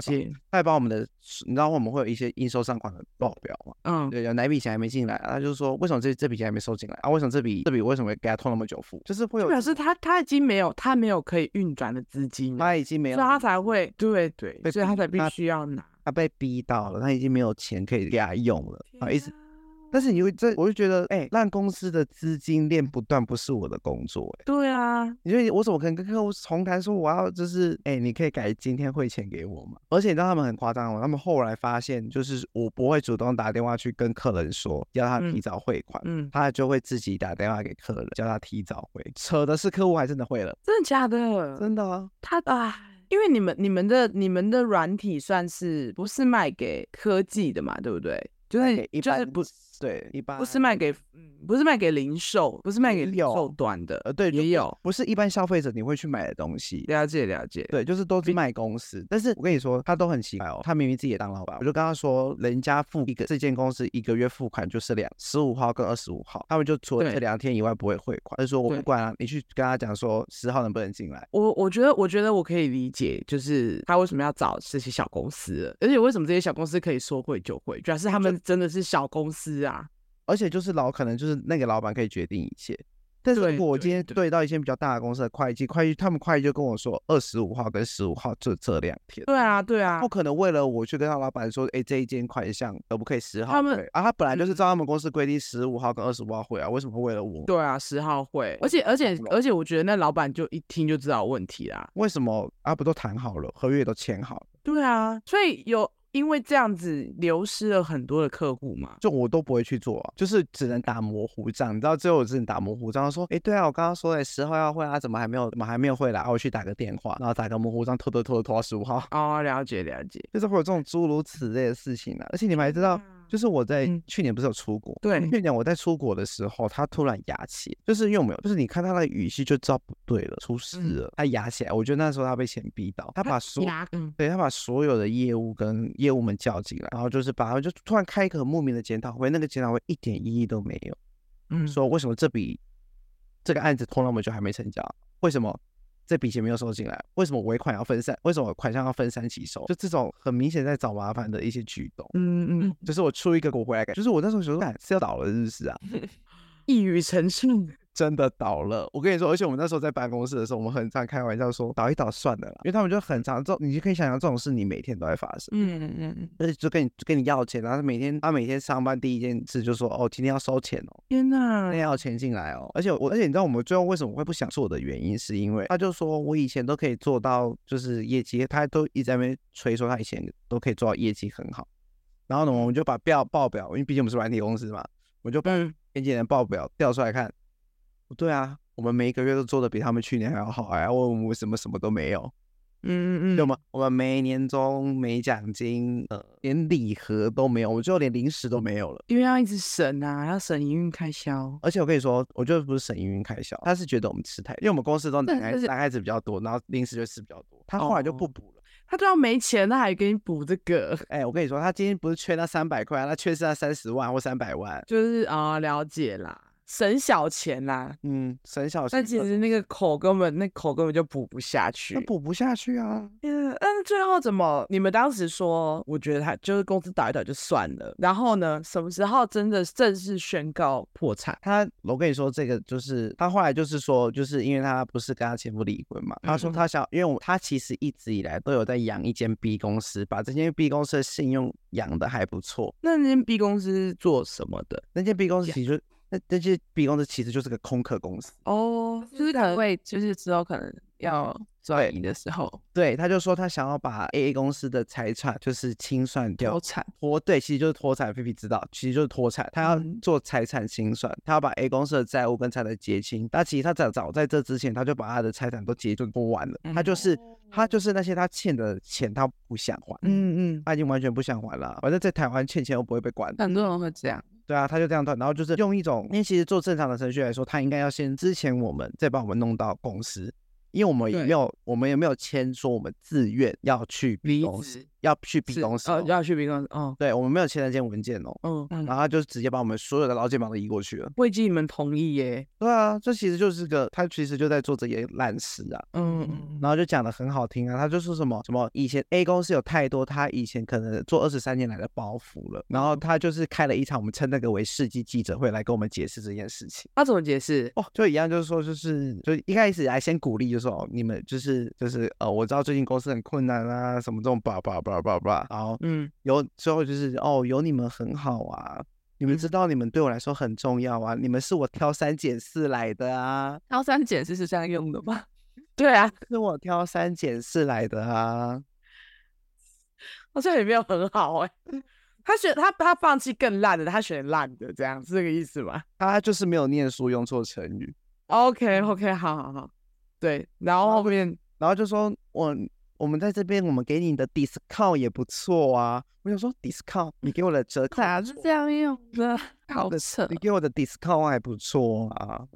他幫我們的，你知道我們會有一些應收賬款的報表嘛？嗯，對，有哪筆錢還沒進來、啊？他就是說，為什麼這這筆錢還沒收進來啊？為什麼這筆這筆為什麼給他拖那麼久付？就是會有表示他他已經沒有他沒有可以運轉的資金，他已經沒有，所以他才會對對。對所以他才必須要拿，他被逼到了，他已經沒有錢可以給他用了，好、啊啊、意思。但是你會這，我就覺得，哎、欸，讓公司的資金鏈不斷，不是我的工作、欸，哎。對啊，你說我怎麼可能跟客戶重談說我要就是，哎、欸，你可以改今天匯錢給我嘛？而且你知道他們很誇張嗎？他們後來發現，就是我不會主動打電話去跟客人說，叫他提早匯款，嗯，嗯，他就會自己打電話給客人，叫他提早匯。扯的是客戶還真的匯了，真的假的？真的啊，他啊。因為你們、你們的、你們的軟體算是不是賣給科技的嘛？對不對？就算你，就算不對，一般不是賣給，不是賣給零售，不是賣給零售端的，呃，對，也有不是一般消費者你會去買的東西，了解了解，對，就是都是賣公司。但是我跟你說，他都很奇怪哦，他明明自己也當老闆，我就跟他說，人家付一個，這間公司一個月付款就是兩，十五號跟二十五號，他們就除了這兩天以外不會匯款，他說我不管啊，你去跟他講說十號能不能進來。我我覺得我覺得我可以理解，就是他為什麼要找這些小公司，而且為什麼這些小公司可以說匯就匯，主要是他們真的是小公司啊。而且就是老，可能就是那個老板可以決定一切。但是如果我今天對到一些比較大的公司的會計，會計他們會計就跟我說，二十五號跟十五號就這這兩天，對啊對啊，不可能為了我去跟他老板說，哎，這一間款項可不可以十號他們啊？他本來就是照他們公司規定，十五號跟二十五號會啊，為什麼為了我？對啊，十號會，而且而且而且，我覺得那老板就一聽就知道問題啦。為什麼啊？不都談好了，合約都簽好了？對啊，所以有。因為這樣子流失了很多的客戶嘛，就我都不會去做，啊，就是只能打模糊仗。你知道最後我只能打模糊仗，他說，哎，對啊，我剛剛說的十號要匯，啊，怎麼還沒有，怎麼還沒有匯來？我去打個電話，然後打個模糊仗，拖拖拖拖拖拖到十五號。啊、哦，了解了解，就是會有這種諸如此類的事情啊，而且你們還知道。嗯就是我在去年不是有出國、嗯，對，去年我在出國的時候，他突然壓起，就是因為我沒有？就是你看他的語氣就知道不對了，出事了，嗯、他壓起來。我覺得那時候他被錢逼到，他把所，嗯、對他把所有的業務跟業務們叫進來，然後就是把他們就突然開一個很莫名的檢討會，那個檢討會一點意義都沒有，嗯，說為什麼這筆這個案子拖那麼久還沒成交，為什麼？這筆錢沒有收進來，為什麼尾款要分散？為什麼我款項要分散起收？就這種很明顯在找麻煩的一些舉動，嗯嗯，就是我出一個國外來，就是我那時候想說，哎，是要倒了，是不是啊？ 一語成讖。真的倒了，我跟你說，而且我們那時候在辦公室的時候，我們很常開玩笑說倒一倒算了啦，因為他們就很常做，你就可以想象這種事你每天都在發生。嗯嗯。嗯，而且就跟你就跟你要錢，然後每天他每天上班第一件事就說哦，今天要收錢哦，天哪，今天要錢進來哦。而且我而且你知道我們最後為什麼我會不想做的原因是因為他就說我以前都可以做到，就是業績，他都一直在那邊吹說他以前都可以做到業績很好。然後呢，我們就把報報表，因為畢竟我們是媒體公司嘛，我就把前幾年報表調出來看。對啊，我們每一個月都做的比他們去年還要好哎、啊，問我們為什麼什麼都沒有？嗯嗯嗯，我們沒年終、沒獎金，呃連禮盒都沒有，我就最後連零食都沒有了，因為要一直省啊，要省營運開銷。而且我跟你說，我就是不是省營運開銷，他是覺得我們吃太多，因為我們公司都男孩子，男孩子比較多，然後零食就吃比較多，他後來就不補了。哦、他都要沒錢，他還給你補這個？哎，我跟你說，他今天不是缺那三百塊、啊，他缺是那三十萬或三百萬。就是啊、呃，了解啦。省小錢啦、啊，嗯，省小錢，但其實那個口根本，那口根本就補不下去，那補不下去啊，嗯、yeah,，但最後怎麼你們當時說，我覺得他就是公司倒一倒就算了，然後呢，什麼時候真的正式宣告破產？他，我跟你說，這個就是他後來就是說，就是因為他不是跟他前夫離婚嘛，他說他想，因為他其實一直以來都有在養一間 B 公司，把這間 B 公司的信用養得還不錯。那間 B 公司是做什麼的？那間 B 公司其實。Yeah. 那那些 B 公司其實就是個空殼公司哦，就是可能會就是之後可能要轉移的時候，對，對，他就說他想要把 A 公司的財產就是清算掉，脫產，脫，對，其實就是脫產。菲菲知道，其實就是脫產，他要做財產清算，嗯，他要把 A 公司的債務跟財產結清。但其實他早早在這之前，他就把他的財產都結就都完了，嗯，他就是他就是那些他欠的錢，他不想還，嗯嗯，嗯，他已經完全不想還了。反正在台灣欠錢我不會被關。很多人會這樣。對啊，他就這樣斷，然後就是用一種，因為其實做正常的程序來說，他應該要先資遣我們再把我們弄到公司，因為我們也沒有，我們也沒有簽說我們自願要去 B 公司。要去比公司，哦，啊，要去比公司啊，哦。對，我們沒有簽那件文件哦。嗯嗯。然後他就直接把我們所有的勞健保都移過去了，未經你們同意耶。對啊，這其實就是個他，其實就在做這些爛事啊。嗯嗯，然後就講的很好聽啊，他就說什麼什麼以前 A 公司有太多他以前可能做二十三年來的包袱了，然後他就是開了一場我們稱那個為世紀記者會來跟我們解釋這件事情。他，啊，怎麼解釋？哦，就一樣，就是說就是就一開始來先鼓勵，就是，就說你們就是就是呃，我知道最近公司很困難啊，什麼這種叭叭叭。叭叭叭！好，嗯，有最後就是哦，有你們很好啊，你們知道你們對我來說很重要啊，嗯、你們是我挑三揀四來的啊。挑三揀四是這樣用的嗎？對啊，是我挑三揀四來的啊。好像也沒有很好哎、欸，他選他他放棄更爛的，他選爛的，這樣是這個意思嗎？他就是沒有念書，用錯成語。OK OK，好好好，對。然後後面，然後就說我。我們在這邊，我們給你的 discount 也不錯啊。我想說，discount，你給我的折扣咋、嗯、是這樣用的？好扯！你給我的 discount 還不錯啊。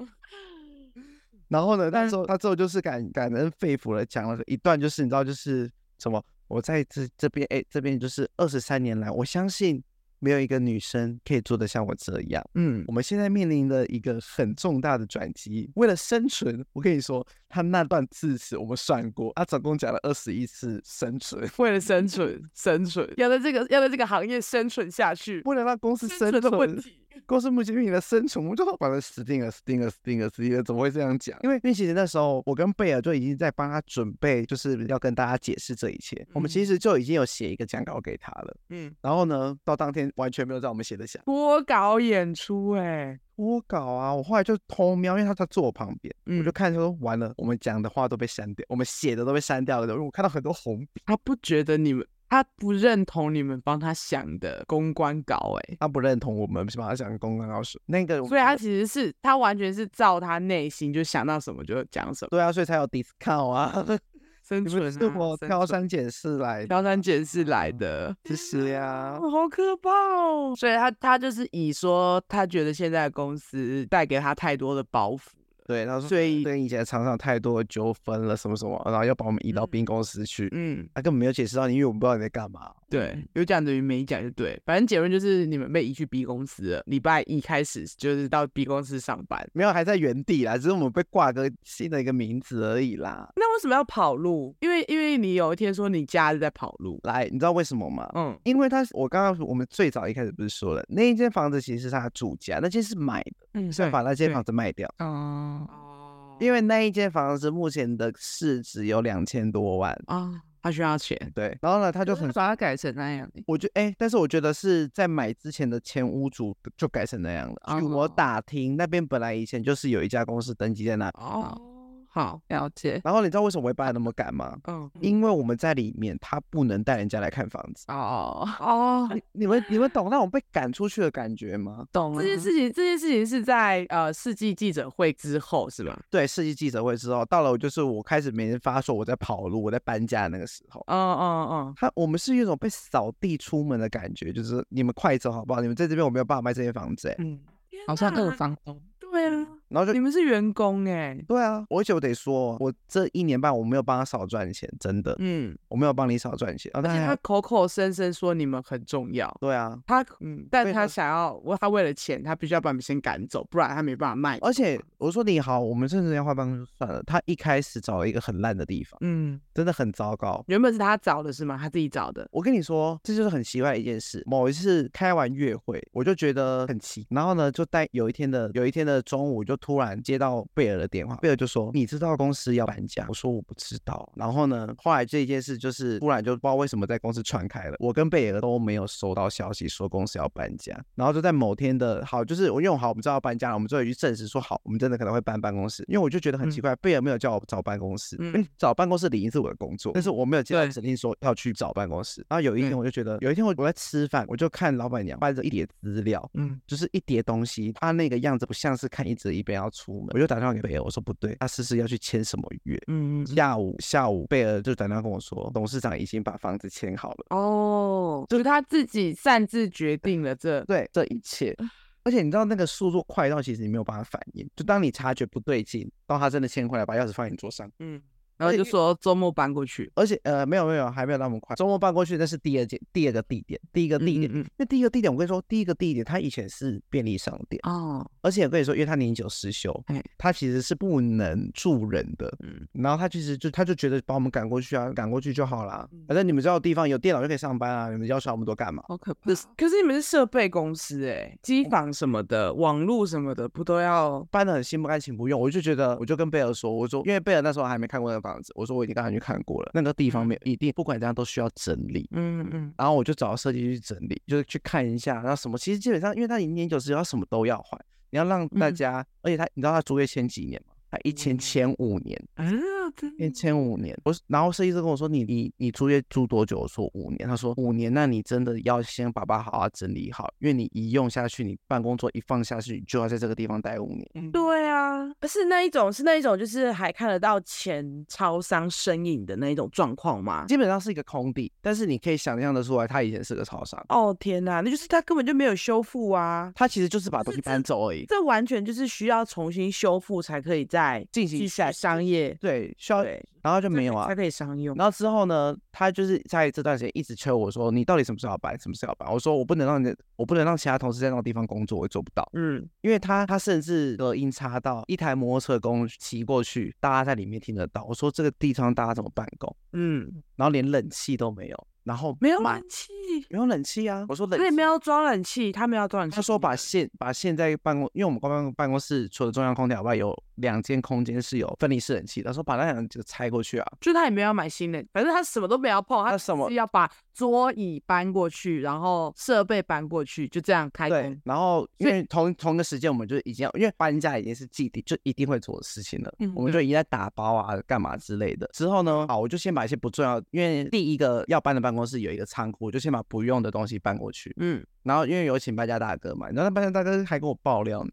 然後呢，他之後他之後就是感感恩肺腑的講了一段，就是你知道，就是什麼，我在這這邊哎，這邊、欸、就是二十三年來，我相信。沒有一個女生可以做得像我這樣。嗯，我們現在面臨了一個很重大的轉機。為了生存，我跟你說，他那段台詞我們算過，他總共講了二十一次生存。為了生存，生存， 要在這個要在這個行業生存下去，為了讓公司生存，生存的問題。公司目前為了生存，我就完了，死定了，死定了，死定了，死定了！怎麼會這樣講？因為因為其實那時候，我跟貝爾就已經在幫他準備，就是要跟大家解釋這一切。我們其實就已經有寫一個講稿給他了。嗯，然後呢，到當天完全沒有在我們寫的下。脫稿演出，欸，哎，脫稿啊！我後來就偷瞄，因為他他坐我旁邊，嗯，我就看他說，完了，我們講的話都被刪掉，我們寫的都被刪掉了。我看到很多紅筆。他不覺得你們？他不認同你們幫他想的公關稿。欸，誒，他不認同我們幫他想的公關稿是那個，所以他其實是他完全是照他內心就想到什麼就講什麼，對啊，所以才有 discount 啊，嗯、 生存、啊、是我挑三揀四來、啊，挑三揀四來的，其實呀，就是啊、 好可怕哦，所以他他就是以說他覺得現在公司帶給他太多的包袱。對，所以跟以前廠商太多的糾紛了，什麼什麼，然後要把我們移到兵公司去，嗯，他、嗯啊、根本沒有解釋到你，因為我們不知道你在幹嘛。對，嗯、有講等於沒講就對，反正結論就是你們被移去 B 公司了。禮拜一開始就是到 B 公司上班，沒有還在原地啦，只是我們被掛個新的一個名字而已啦。那為什麼要跑路？因為因為你有一天說你家是在跑路，來，你知道為什麼嗎？嗯，因為他我剛剛我們最早一開始不是說了，那一間房子其實是他住家，那間是買的，嗯，是把那間房子賣掉。哦、嗯、哦，因為那一間房子目前的市值有兩千多萬啊。嗯他需要錢，對，然後呢，他就很就把它改成那樣。我就哎、欸，但是我覺得是在買之前的前屋主就改成那樣的、嗯。據我打聽那邊本來以前就是有一家公司登記在那。哦、哦。好，了解。然後你知道為什麼我會搬那麼趕嗎？嗯、哦，因為我們在裡面，他不能帶人家來看房子。哦哦哦，你你們你們懂那種被趕出去的感覺嗎？懂了。這件事情，這件事情是在呃世紀記者會之後是吧？對，世紀記者會之後，到了就是我開始每天發售，說我在跑路，我在搬家的那個時候。嗯嗯嗯。他，我們是一種被掃地出門的感覺，就是你們快走好不好？你們在這邊我沒有辦法賣這些房子，欸。嗯，好像二房東、哦。對啊。然後就你們是員工哎、欸，對啊，而且我得說，我這一年半我沒有幫他少賺錢，真的，嗯，我沒有幫你少賺錢、啊，而且他口口聲聲說你們很重要，對啊，他，嗯，但他想要，他為了錢，他必須要把你們先趕走，不然他沒辦法賣。而且我說你好，我們甚至要換辦公室算了。他一開始找了一個很爛的地方，嗯，真的很糟糕。原本是他找的是嗎？他自己找的。我跟你說，這就是很奇怪的一件事。某一次開完月會，我就覺得很奇，然後呢，就待有一天的有一天的中午就。突然接到貝爾的電話，貝爾就說：“你知道公司要搬家？”我說：“我不知道。”然後呢，後來這件事就是突然就不知道為什麼在公司傳開了。我跟貝爾都沒有收到消息說公司要搬家。然後就在某天的好，就是我用好，我們知道要搬家了，我們最後去證實說，好，我們真的可能會搬辦公室。因為我就覺得很奇怪，貝爾沒有叫我找辦公室，嗯、欸，找辦公室理應是我的工作，但是我沒有接到指令說要去找辦公室。然後有一天，我就覺得有一天我我在吃飯，我就看老板娘搬着一疊資料，嗯，就是一疊東西，她那個樣子不像是看一折一。貝要出門，我就打電話給貝爾，我說不對，他試試要去簽什麼約。嗯，下午下午，貝爾就打電話跟我說，董事長已經把房子簽好了。哦，就是他自己擅自決定了這對、呃、這一切，呃、一切 而且你知道那個速度快到，其實你沒有辦法反應。就當你察覺不對勁，當他真的簽回來，把鑰匙放你桌上，嗯。然後就說周末搬過去，而且呃沒有沒有還沒有那麼快，周末搬過去那是第二件，第二個地點，第一個地點，那、嗯、第一個地點我跟你說，第一個地點它以前是便利商店哦，而且我跟你說，因為他年久失修，他其實是不能住人的，嗯，然後他其實就他就覺得把我們趕過去啊，趕過去就好了，反、嗯、正你們知道地方有電腦就可以上班啊，你們要求那麼多幹嘛？好可怕！可是你們是設備公司哎，機房什麼的、哦、網路什麼的，網絡什麼的不都要搬的很心不甘情不願？我就覺得我就跟貝爾說，我說因為貝爾那時候還沒看過那樣子，我說我已經剛才去看過了，那個地方沒有一定，不管怎樣都需要整理，嗯嗯，然後我就找到設計去整理，就是去看一下，然後什麼，其實基本上，因為他年久失修，什麼都要換。你要讓大家，嗯、而且他，你知道他租約簽幾年嗎？他以前簽五年。嗯啊要簽五年，我然後設計師跟我說：“你你你租約租多久？”我說：“五年。”他說：“五年，那你真的要先把把它好好、啊、整理好，因為你一用下去，你辦公桌一放下去，就要在這個地方待五年。”對啊，不是那一種，是那一種，就是還看得到前超商身影的那一種狀況嗎？基本上是一個空地，但是你可以想象得出來，他以前是個超商。哦、oh, 天哪，那就是他根本就沒有修復啊！他其實就是把東西搬走而已，就是這。這完全就是需要重新修復才可以再進行一下商業，對。需要，然後就沒有啊，才可以商用。然後之後呢，他就是在這段時間一直催我說：“你到底什麼時候搬？什麼時候搬？”我說：“我不能讓你，我不能讓其他同事在那個地方工作，我做不到。”嗯，因為他他甚至都隔音差到一台摩托車的工騎過去，大家在裡面聽得到。我說：“這個地方大家怎麼辦公？”嗯，然後連冷氣都沒有，然後沒有冷氣，沒有冷氣啊！我說冷：“他也沒有裝冷氣，他沒有裝冷氣。”他說把：“把線把線在辦公，因為我們剛剛辦公室除了中央空調外有。”兩間空間是有分離式冷氣，他說把那兩個就拆過去啊，就他也沒要買新的，反正他什麼都沒要碰，他什麼要把桌椅搬過去，然後設備搬過去，就這樣開工。對，然後因為同同一個時間，我們就已經因為搬家已經是既定就一定會做的事情了，嗯，我們就已經在打包啊，幹嘛之類的。之後呢，好，我就先把一些不重要，因為第一個要搬的辦公室有一個倉庫，我就先把不用的東西搬過去。嗯，然後因為有請搬家大哥嘛，然後搬家大哥還跟我爆料呢，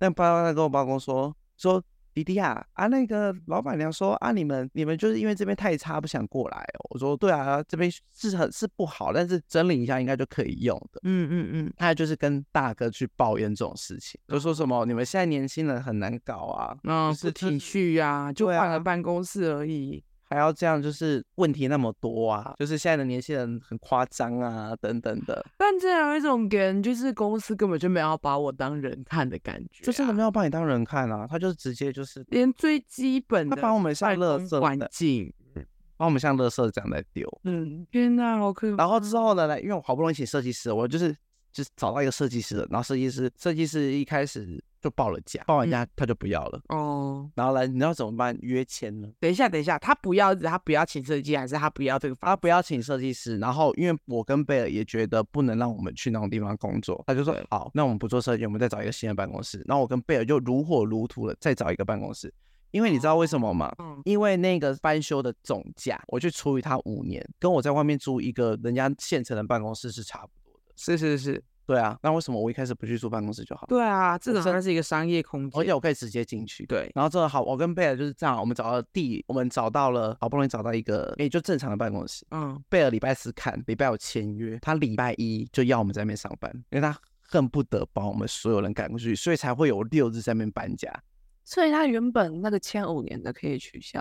那搬家大哥跟我曝光說。說迪迪啊啊，那個老闆娘說啊，你們你們就是因為這邊太差不想過來，哦。我說對啊，這邊是很是不好，但是整理一下應該就可以用的。嗯嗯嗯，他就是跟大哥去抱怨這種事情，就說什麼你們現在年輕人很難搞啊，是體恤呀，啊，就換個辦公室而已。還要這樣，就是問題那麼多啊，就是現在的年輕人很誇張啊，等等的。但這樣有一種給人就是公司根本就沒有把我當人看的感覺啊，就是他沒有把你當人看啊，他就直接就是連最基本的環境，他把我們像垃圾這樣在丟。嗯，天哪，好可。然後之後呢，因為我好不容易請設計師，我就是。就是找到一個設計師了，然後設計師設計師一開始就報了價，報完價、嗯、他就不要了。哦，然後來，你知道怎麼辦？約簽了。等一下，等一下，他不要，他不要請設計師，還是他不要這個，他不要請設計師。然後，因為我跟貝爾也覺得不能讓我們去那種地方工作，他就說好、哦，那我們不做設計，我們再找一個新的辦公室。然後我跟貝爾就如火如荼了，再找一個辦公室。因為你知道為什麼嗎？哦嗯、因為那個翻修的總價，我去除以他五年，跟我在外面租一個人家現成的辦公室是差不多。是是是，對啊，那為什麼我一開始不去租辦公室就好？對啊，這個真的是一個商業空間，而且我可以直接進去。對，然後這個好，我跟貝爾就是這樣，我們找到地，我們找到了，好不容易找到一個，哎、欸，就正常的辦公室。嗯，貝爾禮拜四看，禮拜五簽約，他禮拜一就要我們在那邊上班，因為他恨不得把我們所有人趕過去，所以才會有六日在那邊搬家。所以他原本那個簽五年的可以取消？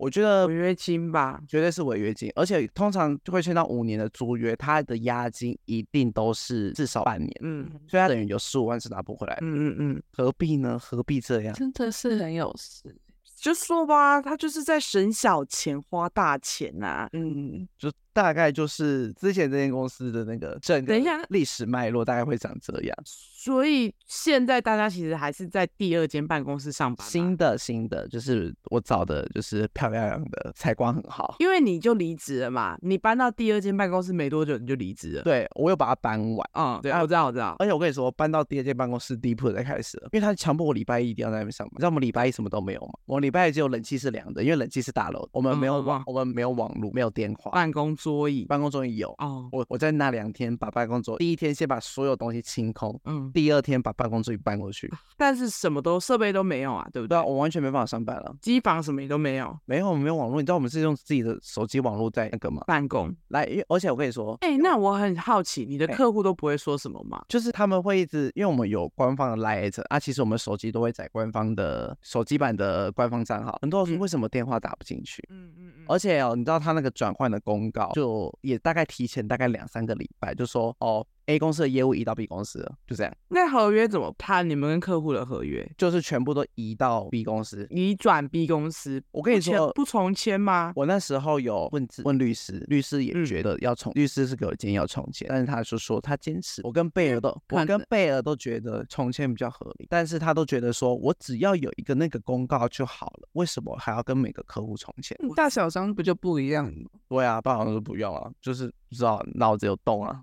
我覺得違約金吧，絕對是違約金，約，而且通常就會簽到五年的租約，他的押金一定都是至少半年，嗯，所以他等於有十五萬是拿不回來，嗯嗯嗯，何必呢？何必這樣？真的是很有事，就說吧，他就是在省小錢花大錢吶、啊，嗯，就。大概就是之前這間公司的那個整個歷史脈絡大概會長這樣，等一下，所以現在大家其實還是在第二間辦公室上班吧。新的新的，就是我找的就是漂漂亮亮的，採光很好。因為你就離職了嘛，你搬到第二間辦公室沒多久你就離職了。對我又把它搬完，啊、嗯，對啊，我知道我知道。而且我跟你說，搬到第二間辦公室，地鋪才開始了，因為他強迫我禮拜一一定要在那邊上班。你知道我們禮拜一什麼都沒有嘛。我們禮拜一只有冷氣是涼的，因為冷氣是大樓，我們沒有網、嗯，我們沒有網路，沒有電話，辦公。桌椅，辦公桌椅有哦，我我在那兩天把辦公桌，第一天先把所有東西清空，嗯，第二天把辦公桌椅搬過去，但是什麼都設備都沒有啊，對不對，對、啊？我完全沒辦法上班了，機房什麼也都沒有，沒有我們沒有網絡，你知道我們是用自己的手機網絡在那個嗎？辦公、嗯、來，而且我跟你說，哎、欸，那我很好奇，你的客戶都不會說什麼嗎？欸、就是他們會一直，因為我們有官方的 LINE 啊，其實我們手機都會在官方的手機版的官方賬號，很多人說為什麼電話打不進去，嗯嗯嗯，而且哦，你知道他那個轉換的公告。就也大概提前大概兩三個禮拜，就說哦。A 公司的業務移到 B 公司了，就這樣。那合約怎麼判？你們跟客戶的合約就是全部都移到 B 公司，移轉 B 公司。我跟你說不重簽嗎？我那時候有問自問律師，律師也覺得要重，嗯，律師是給我建議要重簽，但是他就說他堅持。我跟貝爾都，嗯，我跟貝爾都覺得重簽比較合理，但是他都覺得說我只要有一個那個公告就好了，為什麼還要跟每個客戶重簽？大小商不就不一樣嗎？嗯、對啊，大小商不用啊，就是不知道腦子有洞啊。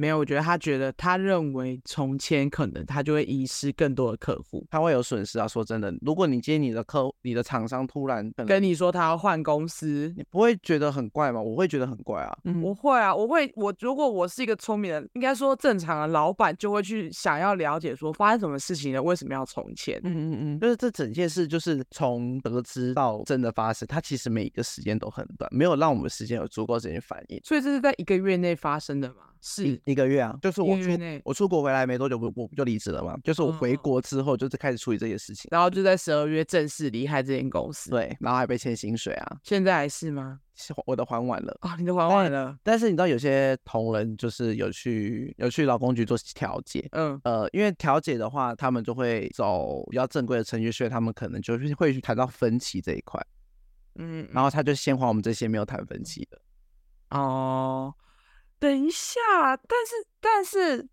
沒有，我覺得他覺得他認為重簽可能他就會遺失更多的客戶，他會有損失啊。說真的，如果你接你的客戶，你的廠商突然跟你說他要換公司，你不會覺得很怪嗎？我會覺得很怪啊，嗯，我會啊，我會。我如果我是一個聰明人，應該說正常的老闆就會去想要了解說發生什麼事情了，為什麼要重簽。嗯嗯嗯，就是這整件事就是從得知到真的發生，他其實每一個時間都很短，沒有讓我們時間有足夠時間反應。所以這是在一個月內發生的嗎？是一,一個月啊，就是我出我出國回來沒多久，我我不就離職了嗎？就是我回國之後，嗯、就是開始處理這些事情，然後就在十二月正式離開這間公司。對，然後還被欠薪水啊，現在還是嗎？我的還完了啊、哦，你的還完了但。但是你知道有些同仁就是有去有去勞工局做調解，嗯呃，因為調解的話，他們就會走比較正規的程序，所以他們可能就是會去談到分期這一塊，嗯，嗯，然後他就先還我們這些沒有談分期的，哦。等一下，但是，但是。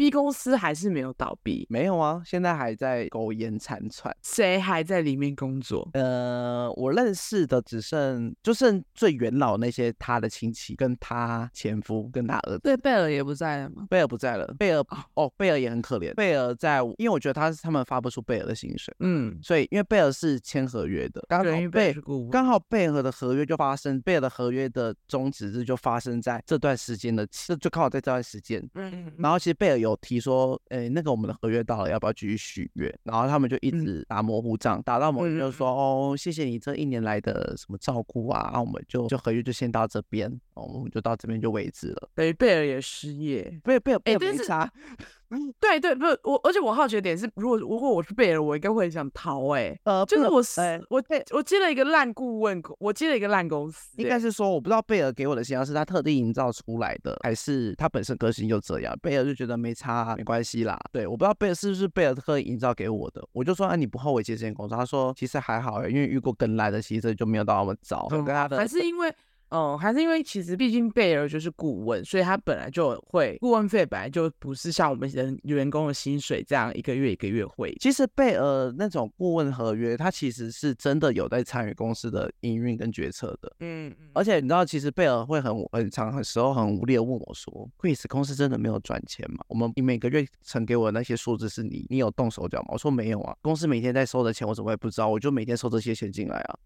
B 公司還是沒有倒閉，沒有啊，現在還在苟延殘喘。誰還在裡面工作？呃，我認識的只剩就剩最元老那些，他的親戚、跟他前夫、跟他兒子。對，貝爾也不在了嗎？貝爾不在了。貝爾哦，哦，貝爾也很可憐。貝爾在，因為我覺得他是他們發不出貝爾的薪水。嗯，所以因為貝爾是簽合約的，剛貝，貝剛好貝爾的合約就發生，貝爾的合約的終止日就發生在這段時間的，這就剛好在這段時間。嗯，然後其實貝爾有。有提說，哎，那個我們的合約到了，要不要繼續續約？然後他們就一直打模糊仗，嗯，打到某人就說，嗯，哦，謝謝你這一年來的什麼照顧啊，那，啊，我們就就合約就先到這邊，我們就到這邊就為止了。等於貝爾也失業，貝爾貝爾哎，不，欸，是。 嗯， 對對，不是，我而且我好奇的點是，如果如果我是貝爾，我應該會很想逃哎、欸。呃，就是我，欸欸、我我接了一個爛顧問，我接了一個爛公司。應該是說，我不知道貝爾給我的形象是他特地營造出來的，還是他本身個性就這樣。貝爾就覺得沒差，沒關係啦。對，我不知道貝爾是不是貝爾特意營造給我的。我就說，那、啊、你不後悔接這件工作？他說，其實還好、欸、因為遇過更爛的，其實就沒有到那麼糟。跟他的、嗯、還是因為。嗯、哦，還是因為其實畢竟貝爾就是顧問，所以他本來就會，顧問費本來就不是像我們人員工的薪水這樣一個月一個月匯。其實貝爾那種顧問合約，他其實是真的有在參與公司的營運跟決策的。嗯嗯。而且你知道，其實貝爾會很很常很時候很無力的問我說：“Chris，公司真的沒有賺錢嗎？我們你每個月呈給我的那些數字是你，你有動手腳嗎？”我說：“沒有啊，公司每天在收的錢我怎麼也不知道，我就每天收這些錢進來啊。”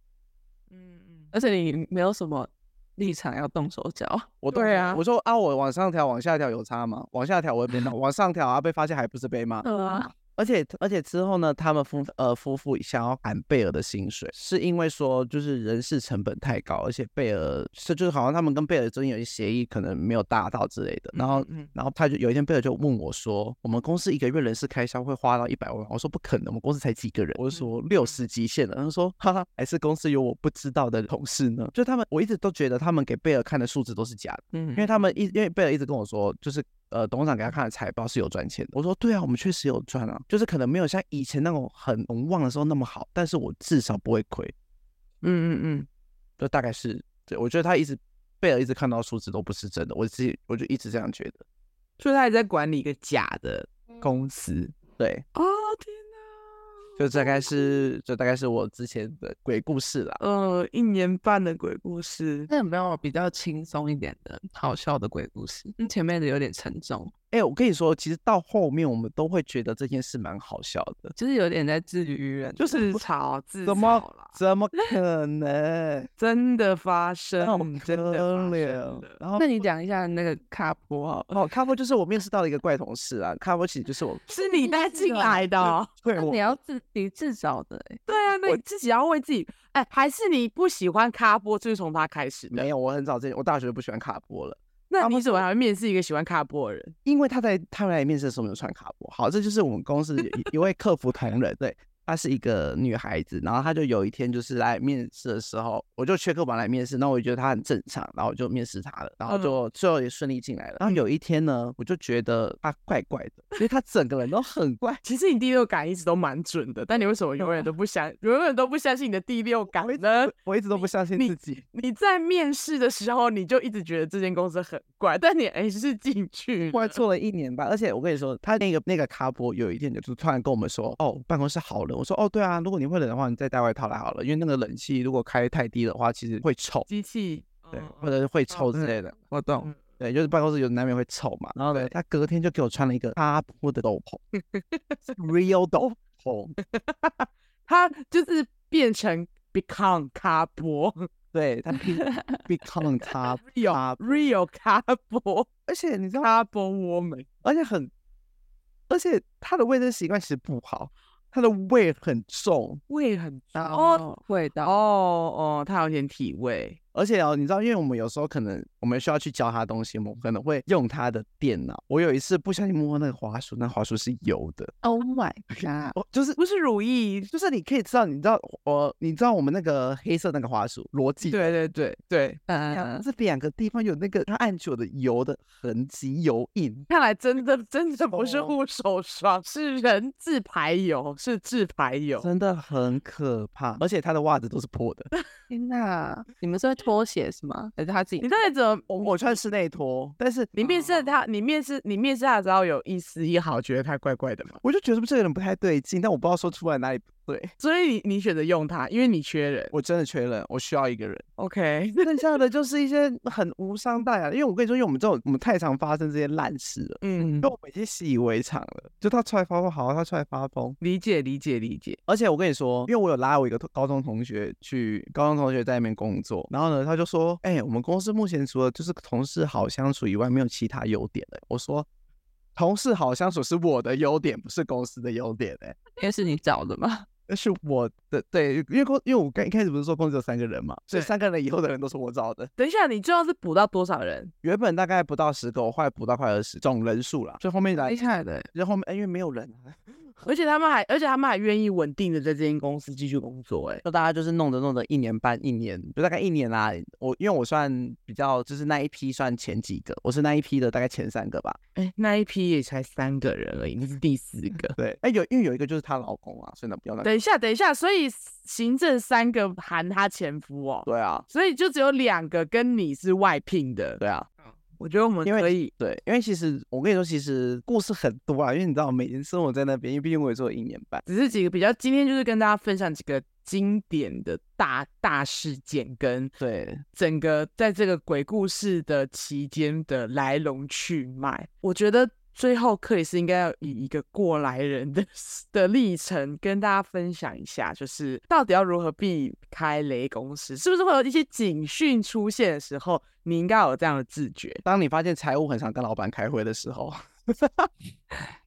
嗯嗯。而且你沒有什麼。立場要動手腳，我對啊，我說啊，我往上調，往下調有差嗎？往下調我也沒動，往上調啊，被發現還不是被罵。而且而且之後呢，他們夫呃夫婦想要砍貝爾的薪水，是因為說就是人事成本太高，而且貝爾是就是好像他們跟貝爾之間有些協議可能沒有達到之類的。然後然後他就有一天貝爾就問我說：“我們公司一個月人事開銷會花到一百萬？”我說：“不可能，我們公司才幾個人。”我就說：“六十極限了。”他說：“哈哈，還是公司有我不知道的同事呢。”就他們我一直都覺得他們給貝爾看的數字都是假的，嗯，因為他們一因為貝爾一直跟我說就是。呃，董事長給他看的財報是有賺錢的。我說對啊，我們確實有賺啊，就是可能沒有像以前那種很紅旺的時候那麼好，但是我至少不會虧。嗯嗯嗯，就大概是對，我覺得他一直，貝爾一直看到數字都不是真的，我自己我就一直這樣覺得，所以他也在管理一個假的公司，對啊。哦，對。就大概是，就大概是我之前的鬼故事啦。嗯、呃，一年半的鬼故事。那有沒有比較輕鬆一點的、好笑的鬼故事？前面的有點沉重。哎、欸，我跟你說，其實到後面我們都會覺得這件事蠻好笑的，就是有點在自治癒人，就是自，自，自怎麼怎麼可能真的發生？真的，生的，然後那你講一下那個卡波啊？哦、喔，卡波就是我面試到的一個怪同事啊。 卡波其實就是我，是你帶進來的、喔，那、 嗯啊、你要自你自找的、欸。對啊，我自己要為自己。哎、欸，還是你不喜歡卡波，就是從他開始？沒有，我很早之前，我大學就不喜歡卡波了。那你怎麼還會面試一個喜歡卡波的人、啊？因為他在他們來面試的時候沒有穿卡波，好，這就是我們公司一位客服同仁， 對。她是一個女孩子，然後她就有一天就是來面試的時候，我就缺課本來面試，那我就覺得她很正常，然後我就面試她了，然後就、嗯、最後也順利進來了。然後有一天呢、嗯，我就覺得她怪怪的，所以她整個人都很怪。其實你第六感一直都蠻準的，但你為什麼永遠都不相， 永遠都不相信你的第六感呢？我一直，我一直都不相信自己。你、你、你在面試的時候，你就一直覺得這間公司很怪，但你還、哎、是進去，後來錯了一年吧。而且我跟你說，他那個那個卡波有一天就突然跟我們說，哦，辦公室好了。我說哦，對啊，如果你會冷的話，你再帶外套來好了，因為那個冷氣如果開太低的話，其實會臭。機器。對，或者是會臭、哦嗯、之類的，我懂、嗯。對，就是辦公室有人難免會臭嘛。然後呢，他隔天就給我穿了一個阿波的斗篷 ，real 斗豆篷泡， 他就是變成 become 卡波， 對，他 Be become 卡 real real 卡波，而且你知道阿波我們，而且很，而且他的衛生習慣其實不好。它的味很重，味很大哦，哦，味道哦哦，它、哦哦、有點體味。而且哦，你知道，因為我們有時候可能我們需要去教他東西，我們可能會用他的電腦。我有一次不小心摸那個滑鼠，那滑鼠是油的。Oh my god！ 就是不是乳液，就是你可以知道，你知道，我，你知道我們那個黑色那個滑鼠邏輯。對對對對，嗯，這兩個地方有那個它按久的油的痕跡、油印。看來真的真的不是護手霜，是人自排油，是自排油，真的很可怕。而且他的襪子都是破的。 天吶，你們說。拖鞋是嗎？還是他自己？你到底怎麼？我，我，我穿室內拖，但是你面試他，你面試、哦、你面試他的時候有一絲一毫覺得他怪怪的嗎？我就覺得這個人不太對勁，但我不知道說出來哪裡。對，所以你你選擇用它，因為你缺人，我真的缺人，我需要一個人。OK，剩下的就是一些很無傷大雅的，因為我跟你說，因為我們這種我們太常發生這些爛事了，嗯，那我們已經習以為常了。就他出來發瘋，好啊，他出來發瘋，理解理解理解。而且我跟你說，因為我有拉我一個高中同學去，高中同學在那邊工作，然後呢，他就說，哎，我們公司目前除了就是同事好相處以外，沒有其他優點了。我說，同事好相處是我的優點，不是公司的優點，哎，因為是你找的嘛。那是我的，對，因為公，因為我剛一開始不是說公司有三個人嘛，所以三個人以後的人都是我找的。等一下，你最後是補到多少人？原本大概不到十個，我後來補到快二十這種人數啦。所以後面來的，然後，後面、欸、因為沒有人。 而且他們還，而且他們還願意穩定的在這間公司繼續工作、欸，哎，就大家就是弄着弄着一年半一年，就大概一年啦、啊。我因為我算比較就是那一批算前幾個，我是那一批的大概前三個吧。哎、欸，那一批也才三個人而已，那是第四個。 對，哎、欸，有因為有一個就是他老公啊，所以不要、那個。等一下，等一下，所以行政三個含他前夫哦。對啊，所以就只有兩個跟你是外聘的。對啊。我覺得我們可以，對，因為其實我跟你說，其實故事很多啊，因為你知道，我每天生活在那邊，因為畢竟我也做了一年半，只是幾個比較。今天就是跟大家分享幾個經典的大大事件，跟對整個在這個鬼故事的期間的來龍去脈，我覺得。最後，克里斯應該要以一個過來人的的歷程跟大家分享一下，就是到底要如何避開雷公司，是不是會有一些警訊出現的時候，你應該有這樣的自覺。當你發現財務很常跟老闆開會的時候，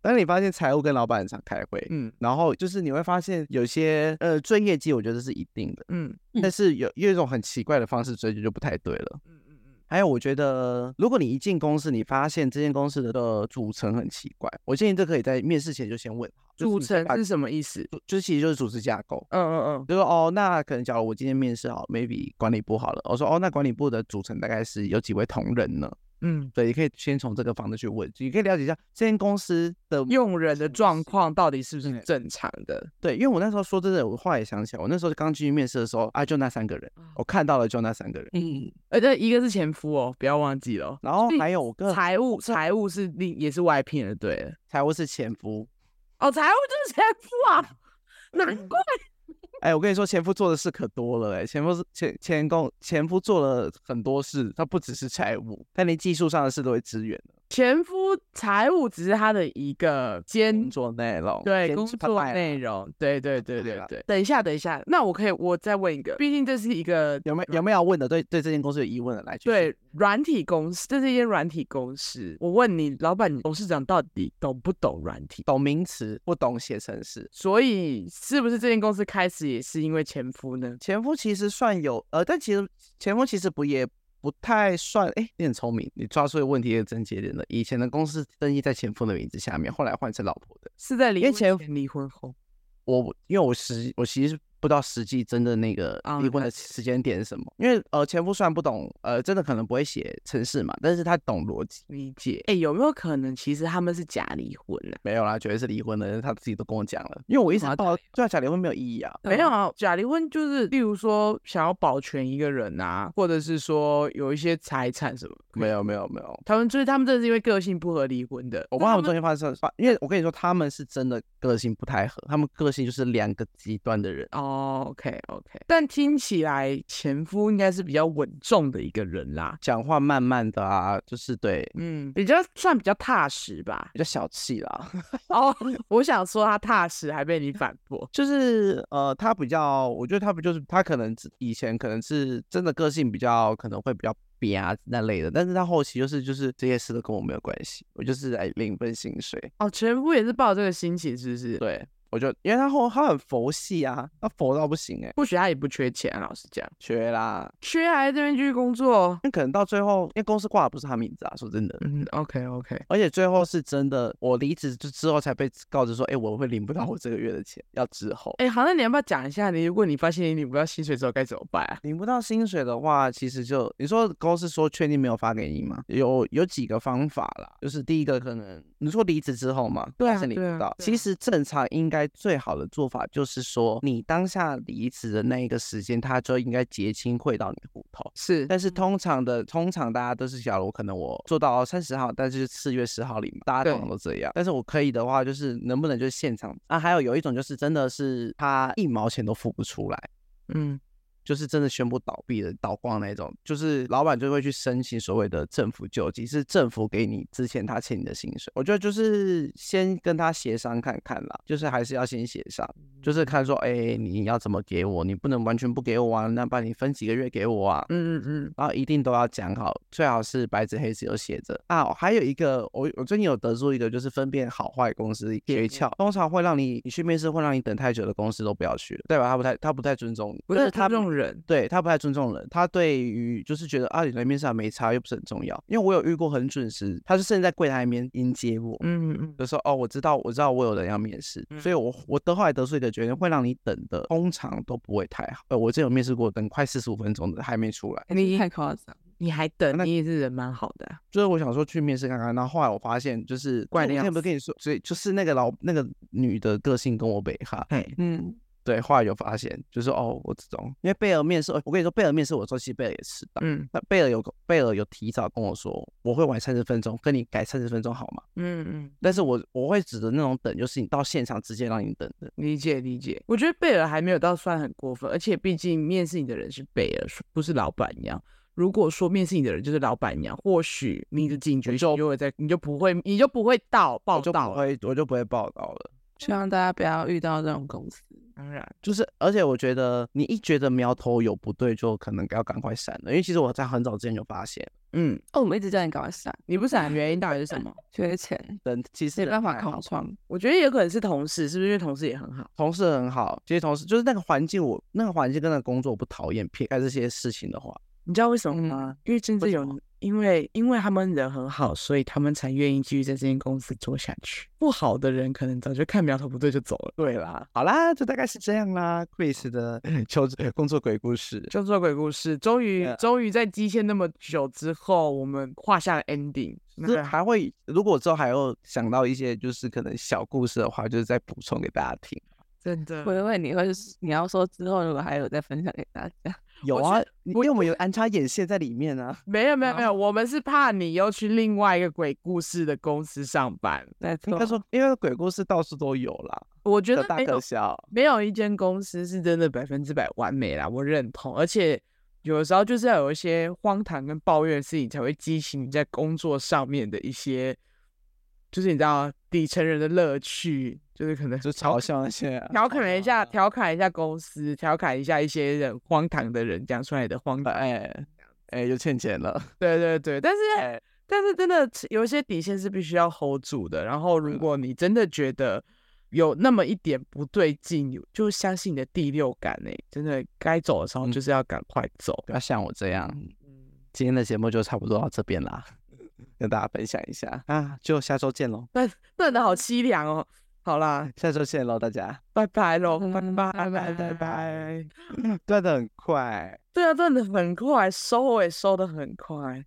當你發現財務跟老闆很常開會，嗯，然後就是你會發現有些呃追業績，我覺得是一定的，嗯，嗯，但是有有一種很奇怪的方式追究就不太對了，嗯。還有，我覺得如果你一進公司，你發現這間公司的組成很奇怪，我建議這可以在面試前就先問。組成是什麼意思？就其實就是組織架構嗯。嗯嗯嗯，就說哦，那可能假如我今天面試好，maybe 管理部好了，我說哦，那管理部的組成大概是有幾位同仁呢？嗯，對，你可以先從這個方面去問，你可以了解一下這家公司的用人的狀況到底是不是正常的，嗯。對，因為我那時候說真的，我話也想起來，我那時候剛進去面試的時候，啊，就那三個人，我看到了就那三個人。嗯，嗯嗯嗯呃對，一個是前夫哦，不要忘記了，哦。然後還有個，財務，財務是另也是外聘的，對，財務是前夫。哦，財務就是前夫啊，難怪。嗯，難怪哎，我跟你說，前夫做的事可多了嘞、欸。前夫是前前公前夫做了很多事，他不只是財務，他連技術上的事都會支援。前夫財務只是他的一個兼工作內容，對拍拍工作內容，對對對對對,對拍拍。等一下，等一下，那我可以我再問一個，畢竟這是一個有沒,有沒有有沒有要問的？對對，這間公司有疑問的來講對，軟體公司，這是一間軟體公司。我問你，老板、董事長到底懂不懂軟體？懂名詞，不懂寫程式。所以是不是這間公司開始也是因為前夫呢？前夫其實算有，呃，但其實前夫其實不也。不太算，哎、欸，你很聰明，你抓住的問題也症結點了。以前的公司登記在前夫的名字下面，後來換成老婆的，是在離婚前，前離婚後，我因為我實我其實是。不知道實際真的那個離婚的時間點是什麼？因為呃，前夫雖然不懂，呃，真的可能不會寫程式嘛，但是他懂邏輯理解。哎，有沒有可能其實他們是假離婚呢？啊？沒有啦，絕對是離婚的，他自己都跟我講了。因為我一直哦，對啊，假離婚沒有意義啊。沒有啊，假離婚就是例如說想要保全一個人啊，或者是說有一些財產什麼。沒有沒有沒有，他們就是他們真的是因為個性不合離婚的。我幫他們中間發生，因為我跟你說他們是真的個性不太合，他們個性就是兩個極端的人。哦。哦、oh,，OK，OK，、okay, okay. 但聽起來前夫應該是比較穩重的一個人啦、啊，講話慢慢的啊，就是對，嗯，比較算比較踏實吧，比較小氣啦。哦、oh, 我想說他踏實，還被你反駁，就是呃，他比較，我覺得他不就是他可能以前可能是真的個性比較，可能會比較啊那類的，但是他後期就是就是這些事都跟我沒有關係，我就是來領一份薪水。哦，前夫也是抱這個心情，是不是？對。我就因為他後他很佛系啊，他佛到不行誒、欸，不學他也不缺錢、啊，老實講，缺啦，缺還是這邊繼續工作，那可能到最後，因為公司掛的不是他名字啊，說真的，嗯，OK OK，而且最後是真的，我離職就之後才被告知說，誒、欸，我會領不到我這個月的錢，嗯、要之後，誒、欸，好，那你要不要講一下，你如果你發現你領不到薪水之後該怎麼辦啊？領不到薪水的話，其實就你說公司說確定沒有發給你嗎？有有幾個方法啦，就是第一個可能。你說離職之後嘛，對啊，你知道，其實正常應該最好的做法就是說，你當下離職的那一個時間，它就應該結清匯到你的戶頭。是，但是通常的，嗯、通常大家都是，假如我可能我做到三十號，但是四月十號裡，大家通常都這樣。但是我可以的話，就是能不能就現場？啊，還有有一種就是，真的是他一毛錢都付不出來，嗯。就是真的宣布倒閉了、倒光那種，就是老闆就會去申請所謂的政府救濟，是政府給你之前他欠你的薪水。我覺得就是先跟他協商看看啦，就是還是要先協商，就是看說，哎、欸，你要怎麼給我，你不能完全不給我啊，那把你分幾個月給我啊，嗯嗯嗯，然後一定都要講好，最好是白紙黑字有寫着。啊，還有一個，我我最近有得出一個就是分辨好壞公司訣竅，通常會讓你你去面試會讓你等太久的公司都不要去對吧，代表他不太他不太尊重你，不是他這種。人對，他不太尊重人，他對於就是覺得啊，你來面試還沒差，又不是很重要。因為我有遇過很準時，他就甚至在櫃台裡面迎接我，嗯，就說哦，我知道，我知道我有人要面試，嗯、所以我我得後來得出一個決定，會讓你等的通常都不會太好、呃。我之前有面試過，等快四十五分鐘的還沒出來，你太誇張，你還等？你也是人蠻好的、啊，就是我想說去面試看看，然後後來我發現就是怪你，樣子，不是跟你說，所以就是那個老那個女的個性跟我北哈嘿，嗯。對，後來有發現，就是哦，我懂。因為貝爾面試，我跟你說，貝爾面試我其實貝爾也遲到。嗯，那貝爾有貝爾有提早跟我說，我會晚三十分鐘，跟你改三十分鐘，好嗎？嗯嗯。但是我我會指着那種等，就是你到現場直接讓你等的。理解理解。我覺得貝爾還沒有到算很過分，而且畢竟面試你的人是貝爾，不是老板娘。如果說面試你的人就是老板娘，或許你進就警覺中，你會在你就不會，你就不會到報到了，我就不會，我就不會報到了。希望大家不要遇到這種公司。當然，就是而且我覺得你一覺得苗頭有不對，就可能要趕快閃了。因為其實我在很早之前就發現，嗯，哦，我們一直叫你趕快閃。你不閃，原因到底是什麼？哎、缺錢。等其實沒辦法開創。我覺得也可能是同事，是不是？因為同事也很好，同事很好。其實同事就是那個環境我，我那個環境跟那個工作我不討厭。撇開這些事情的話，你知道為什麼嗎？嗯、因為真的有。因為因為他們人很好，所以他們才願意繼續在這間公司做下去。不好的人可能早就看苗頭不對就走了。對啦，好啦，就大概是這樣啦。Chris 的《求工作鬼故事》呃，《工作鬼故事》故事終於、yeah. 終於在積欠那麼久之後，我們畫下 ending，那個。是還會，如果我之後還有想到一些就是可能小故事的話，就是再補充給大家聽。真的，會問你會你要說之後如果還有再分享給大家。有啊，因為我們有安插眼線在裡面啊。沒有沒有沒有， 我們是怕你又去另外一個鬼故事的公司上班。他說， 因為鬼故事到處都有啦。我覺得太可笑，沒有一間公司是真的百分之百完美啦。我認同，而且有的時候就是要有一些荒唐跟抱怨的事情，才會激起你在工作上面的一些，就是你知道嗎？底層人的樂趣就是可能就嘲笑那些調、啊、 侃一下，調、啊、侃一下公司，調、啊、侃一下一些人荒唐的人講出來的荒唐。啊、哎，哎，又欠錢了。對對對，但是，哎、但是真的有一些底線是必須要 hold 住的。然後如果你真的覺得有那麼一點不對勁，就相信你的第六感，欸。哎，真的該走的時候就是要趕快走，嗯，不要像我這樣。嗯、今天的節目就差不多到這邊啦。跟大家分享一下啊，就下週見嘍。對，斷得好淒涼哦。好啦，下週見嘍，大家，拜拜嘍，拜拜、嗯、拜拜拜拜，斷的很快。對啊，斷的很快，收尾收得很快。